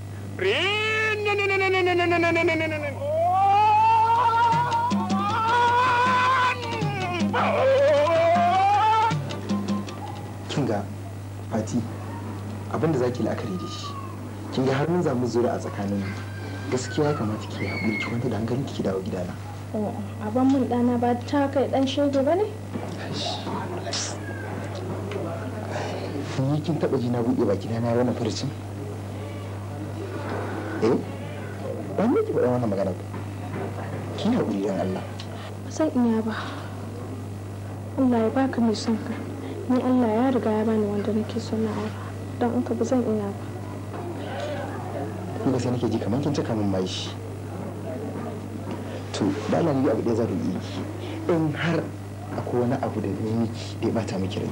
kinga fati abinda da ki la'akari da shi kin ga har mun zamu zura a tsakanin gaskiya ya kamata ki haƙuri ki wanda da hankali ki dawo gidana oh, a ban mun dana ba ta kai dan shege ba ne ni kin taba ji na buɗe baki na yi wani farcin eh ba ne ki faɗa wannan magana ba ki haƙuri dan Allah ba san iya ba Allah ya baka mai son ka ni Allah ya riga ya bani wanda nake son na aura don in ka ba zan iya ba kuma sai nake ji kamar kin cika min shi to ba la yi abu da za da yi in har akwai wani abu da yi miki da ya bata miki rai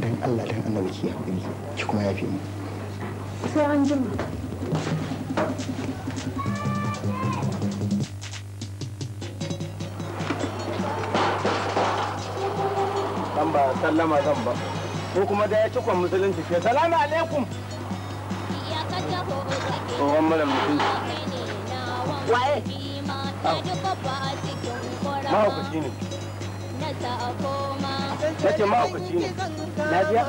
dan Allah dan annabi ki hakuri ki kuma yafe mu sai an ji mu ba sallama zan ba ko kuma da ya ci kwan musulunci ke salamu alaikum tsohon mara mutum waye ah. mahaukaci ne na ce mahaukaci ne lafiya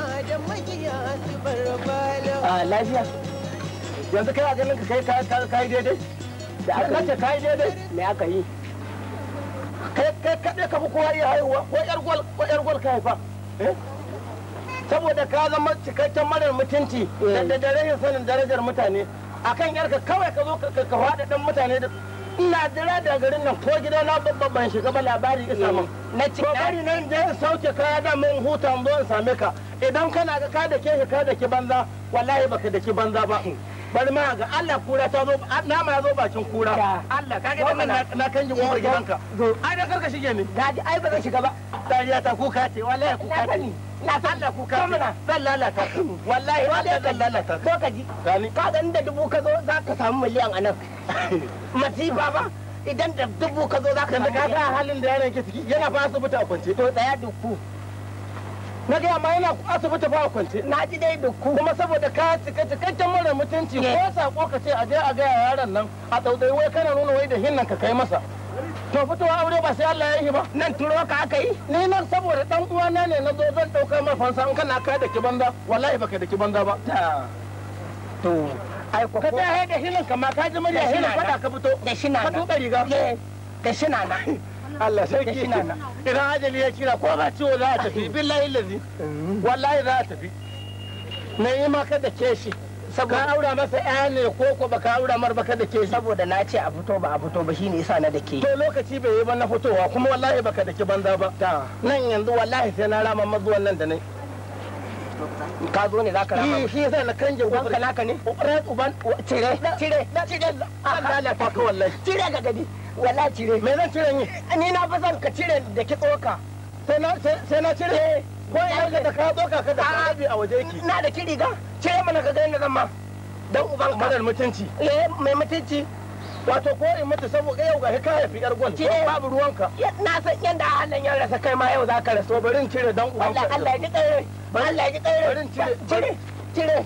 a ah, lafiya yanzu kai a ganin ka kai ka yi daidai da aka ce ka daidai me aka yi kai kaɗai ka fi kowa iya haihuwa ko ƴar gwal ka haifa eh? saboda ka zama cikakken marar mutunci eh. da dare sanin darajar mutane akan yarka kawai ka zo ka faɗa ɗan mutane da ina jira da garin nan ko gida na babban shiga ba labari isa min eh. na cikin bari nan je in sauke kaya da mun hutan zo in same ka idan kana ga ka da ke ka da ki banza wallahi baka da ki banza ba eh. bari ma ga Allah kura ta zo nama ya zo bakin kura Allah ka ga wannan na kan ji umar gidanka ai dan karka shige ni daji ai ba zan shiga ba dariya ta kuka ce wallahi kuka ce na san Allah kuka ce zan lalata ka wallahi Allah zan lalata ka ka ji ka ga da dubu ka zo za ka samu miliyan anan masifa ba idan da dubu ka zo za ka samu yanzu ka ga halin da yaran ke ciki yana fa asibiti a kwance to tsaya duku na gaya ma yana asibiti ba kwance na ji dai da ku kuma saboda ka cika cikakken mara mutunci ko sako ka ce a je a gaya yaron nan a daudai wai kana nuna wai da hinnan ka kai masa to fitowa aure ba sai Allah ya yi ba nan turo ka aka yi ni nan saboda dan uwana ne na zo zan dauka mai fansa in kana kai da ki banza wallahi baka da ki banza ba to ai ko ka da hinnan ka ma ka ji murya hinnan fada ka fito da shi na ka duka riga da shi na na Allah sarki idan ajali ya kira ko ba ciwo za a tafi mm. billahi lazi mm. wallahi za a tafi na yi maka da ke shi ka aura masa ɗaya ne ko ko ba ka aura mar baka da ke saboda na ce a fito ba a fito ba shine yasa na da ke to lokaci bai yi ba na fitowa kuma wallahi baka da ke banza ba nan yanzu wallahi sai na rama mazuwan nan da nai ka zo ne zaka rama eh, shi yasa na kanje uban ka naka ne uban cire cire cire Allah ya faka wallahi cire ga gadi wala cire me zan cire ni ni na fa son ka cire da ki tsoka sai na sai na cire eh. ko ya ga da ka tsoka ka da rabi a waje ki na da kiri cire mana ka ga inda zan ma dan uban ka madar mutunci eh mai mutunci wato ko in mutu saboda yau ga ka haifi yar gwal babu ruwanka na san yanda a hannun yan rasa kai ma yau za ka rasa bari in cire dan uban ka Allah ya ji kai Allah ya ji kai barin cire cire cire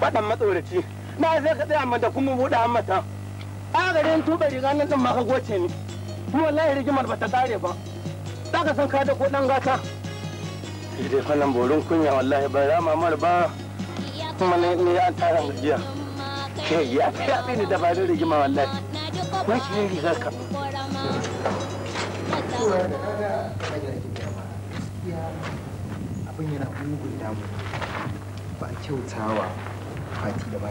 faɗan matsoraci na sai ka tsaya mata kuma buɗe mata a garin tuba riga nan zan maka goce ni kuma wallahi rigimar ba ta tare ba za ka san ka da ko ɗan gata dai fannin borin kunya wallahi ba ya mamar ba kuma ne ne an tara gajiya ke ya ta yaɓe ni dabarun rigima wallahi wai ki ne rigar ka abin yana mugun damu ba kyautawa fati da ba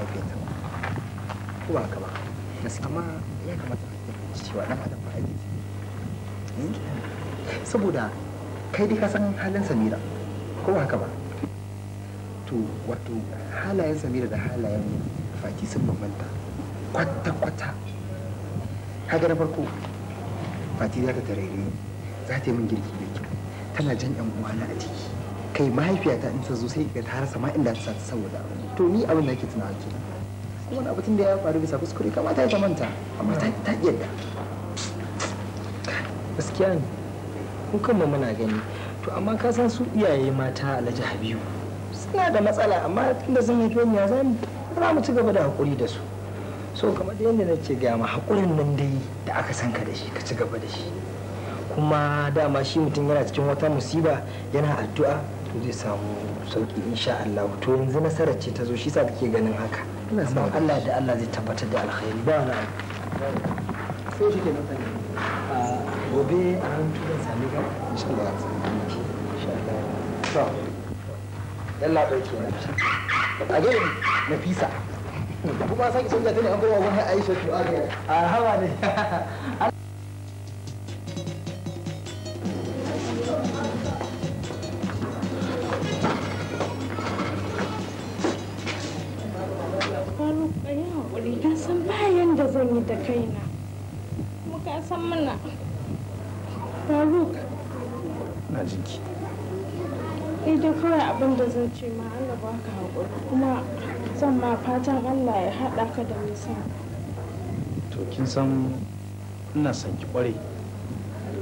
ko ba ka ba amma ya kamata a yi cewa dan adam ba aiki eh, saboda kai dai ka san halin samira ko ba ka ba to wato halayen samira da halayen fati sun bambanta kwata-kwata kaga na farko fati za ta tarere za ta yi min girki da kyau tana jan yan uwana a ciki. kai mahaifiyata in ta zo sai ga ta inda ta sata saboda to ni abin da ake tunawa ke kuma wani abin da ya faru bisa kuskure kamata ta manta amma ta ta yadda gaskiya ne mu kanmu muna gani to amma ka san su iyaye mata alhaji habibu suna da matsala amma tunda sun haife ni ya zani ba mu ci gaba da hakuri da su so kamar da yadda na ce ga ma hakurin nan dai da aka san ka da shi ka ci gaba da shi kuma dama shi mutum yana cikin wata musiba yana addu'a zai samu sauki insha Allah to yanzu nasarar ce ta zo shi sa kake ganin haka amma Allah da Allah zai tabbatar da alkhairi ba so shi ke nan gobe a hantu zan sami ka insha Allah insha Allah to dauke a gare kuma Aisha to a hawa ne haƙuri ka san bayan da zan yi da kaina mu ka san mana faruk na jinki ni da kawai abin da zan ce ma Allah ba ka haƙuri kuma zan ma fatan Allah ya haɗa ka da nisa to kin san ina son ki ƙware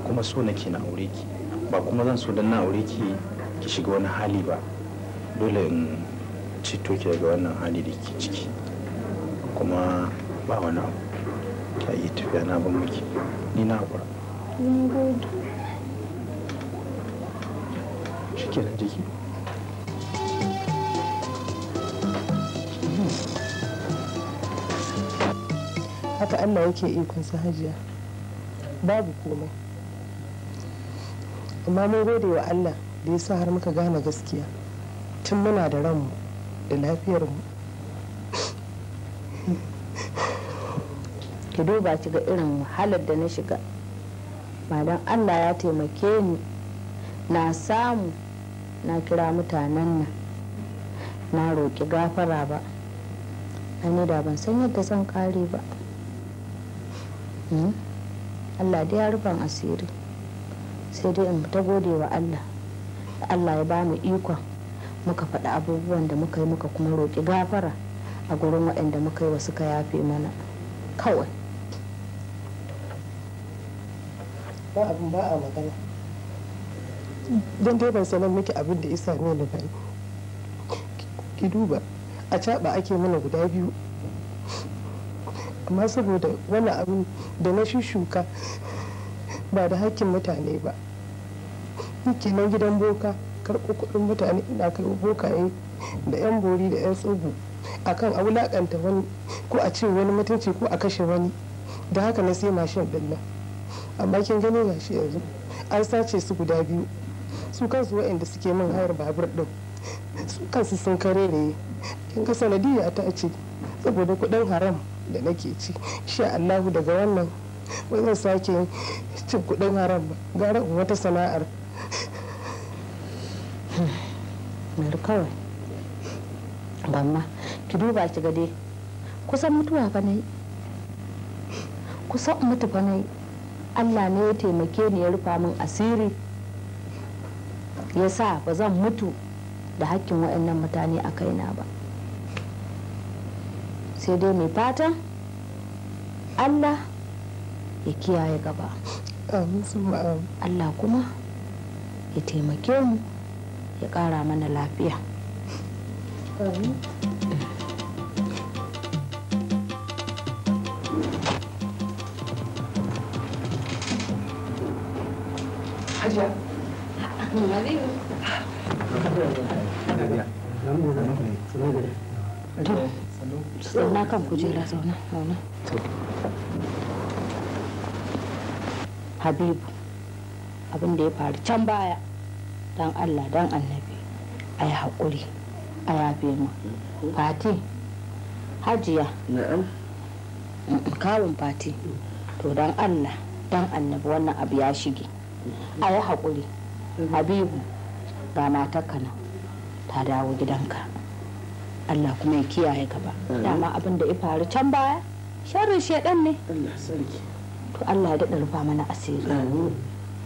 kuma so nake na aure ki ba kuma zan so don na aure ki ki shiga wani hali ba dole in ceto ki daga wannan hali da ke ciki kuma ba wani abu ta yi tafiya na ban miki ni na haƙura shi ke jiki haka allah yake su hajiya babu komai amma mun gode wa allah da ya sa har muka gane gaskiya tun muna da ranmu da lafiyarmu ki duba ki ga irin wahalar da na shiga ba don allah ya taimake ni na samu na kira mutanen nan na roƙi gafara ba ni da ban san yadda zan kare ba hmm? allah da ya rufan asiri sai dai in ta gode wa allah allah ya ba mu ikon muka faɗi abubuwan da muka yi muka kuma roƙi gafara a gurin waɗanda muka yi wa suka yafe mana kawai ba abin ba a magana don dai ban sanar miki abin da isa ne ba ki duba a caɓa ake mana guda biyu amma saboda wani abin da na shushuka ba da hakkin mutane ba nike nan gidan boka karɓo kuɗin mutane ina kai bokaye da 'yan bori da 'yan a akan a wulaƙanta wani ko a ce wani mutunci ko a kashe wani da haka na sai mashin ɗin nan amma kin gani ga shi yanzu an sace su guda biyu su kansu waɗanda suke min hayar babur ɗin su kansu sun kare ne kin ga sanadiyya ta ce saboda kuɗin haram da nake ci sha Allahu daga wannan ba zan sake cin kuɗin haram ba gara wata sana'ar bari kawai bamma ki duba ki ga dai kusan mutuwa fa nayi kusan mutu fa nayi allah ne ya taimake ni ya rufa min asiri ya sa ba zan mutu da hakkin waɗannan mutane a kaina ba sai dai mai fatan allah ya kiyaye gaba allah kuma ya taimake mu ya ƙara mana lafiya hajiya zauna kan kujera zauna zauna habibu abin da ya faru can baya don allah don annabi a yi haƙuri a yafe mu fati hajiya kawun fati to dan allah don annabi wannan abu ya shige a yi haƙuri habibu ga matarka nan ta dawo gidanka allah kuma ya kiyaye gaba dama abin da ya faru can baya sharrin shaidan ne to allah ya daɗa rufa mana asiri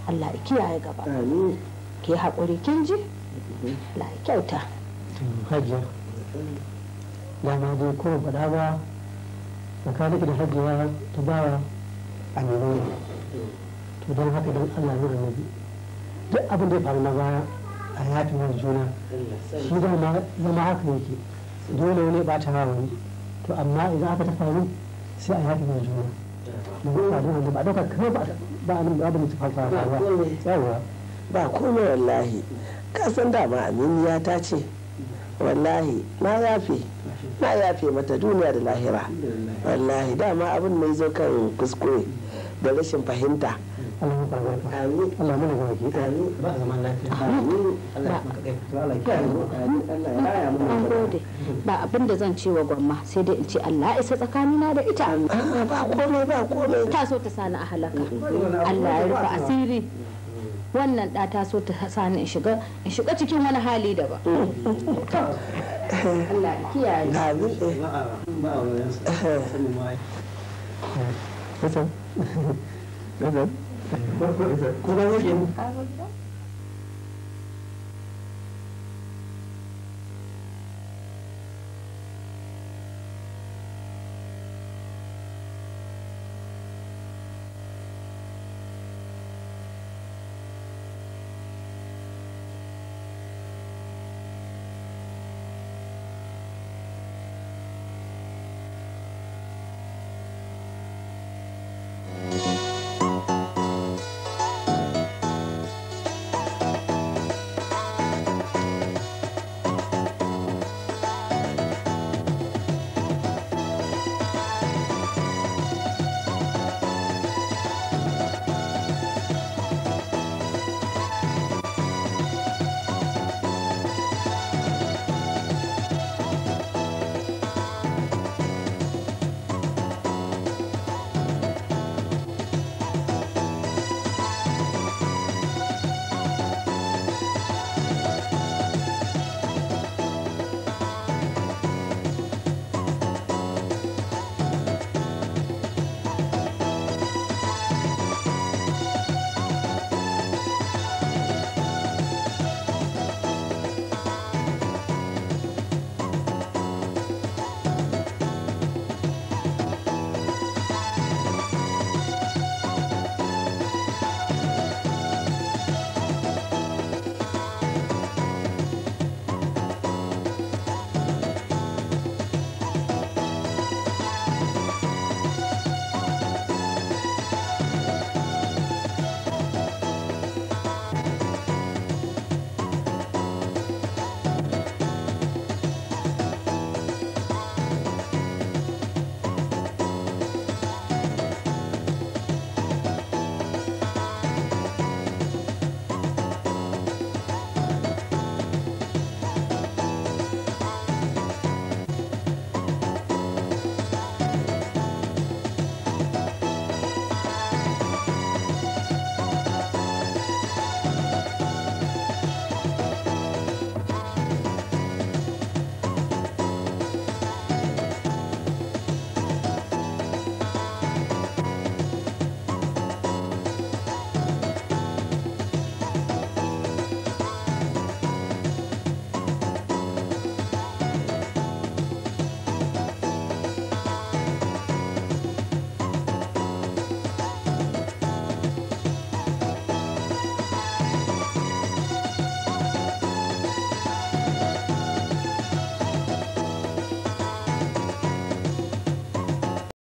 allah ya kiyaye gaba ke haƙuri kin ji mhm. allah ya kyauta hajiya dama dai ko bada ba tsakanin da hajiya ta bawa a ne to don haka don Allah ne da nabi duk abin da ya faru na baya a yafi wani juna shi da zama haka yake dole wani ba ta wani to amma idan aka ta faru sai a yafi wani juna domin ba wanda ba dauka kai ba ba nan ba mu tafi faruwa yawa ba komai wallahi ka san dama aminiya ta ce wallahi na yafe na yafe mata duniya da lahira wallahi dama abin mai zo kan kuskure da rashin fahimta ba zaman zan ce wa gwamma sai dai in ce Allah isa tsakanina da ita ba komai ba komai ta so ta sani a halaka Allah ya rufa asiri wannan da ta so ta sani in shiga in shiga cikin wani hali da ba Allah kiyaye ba ko ba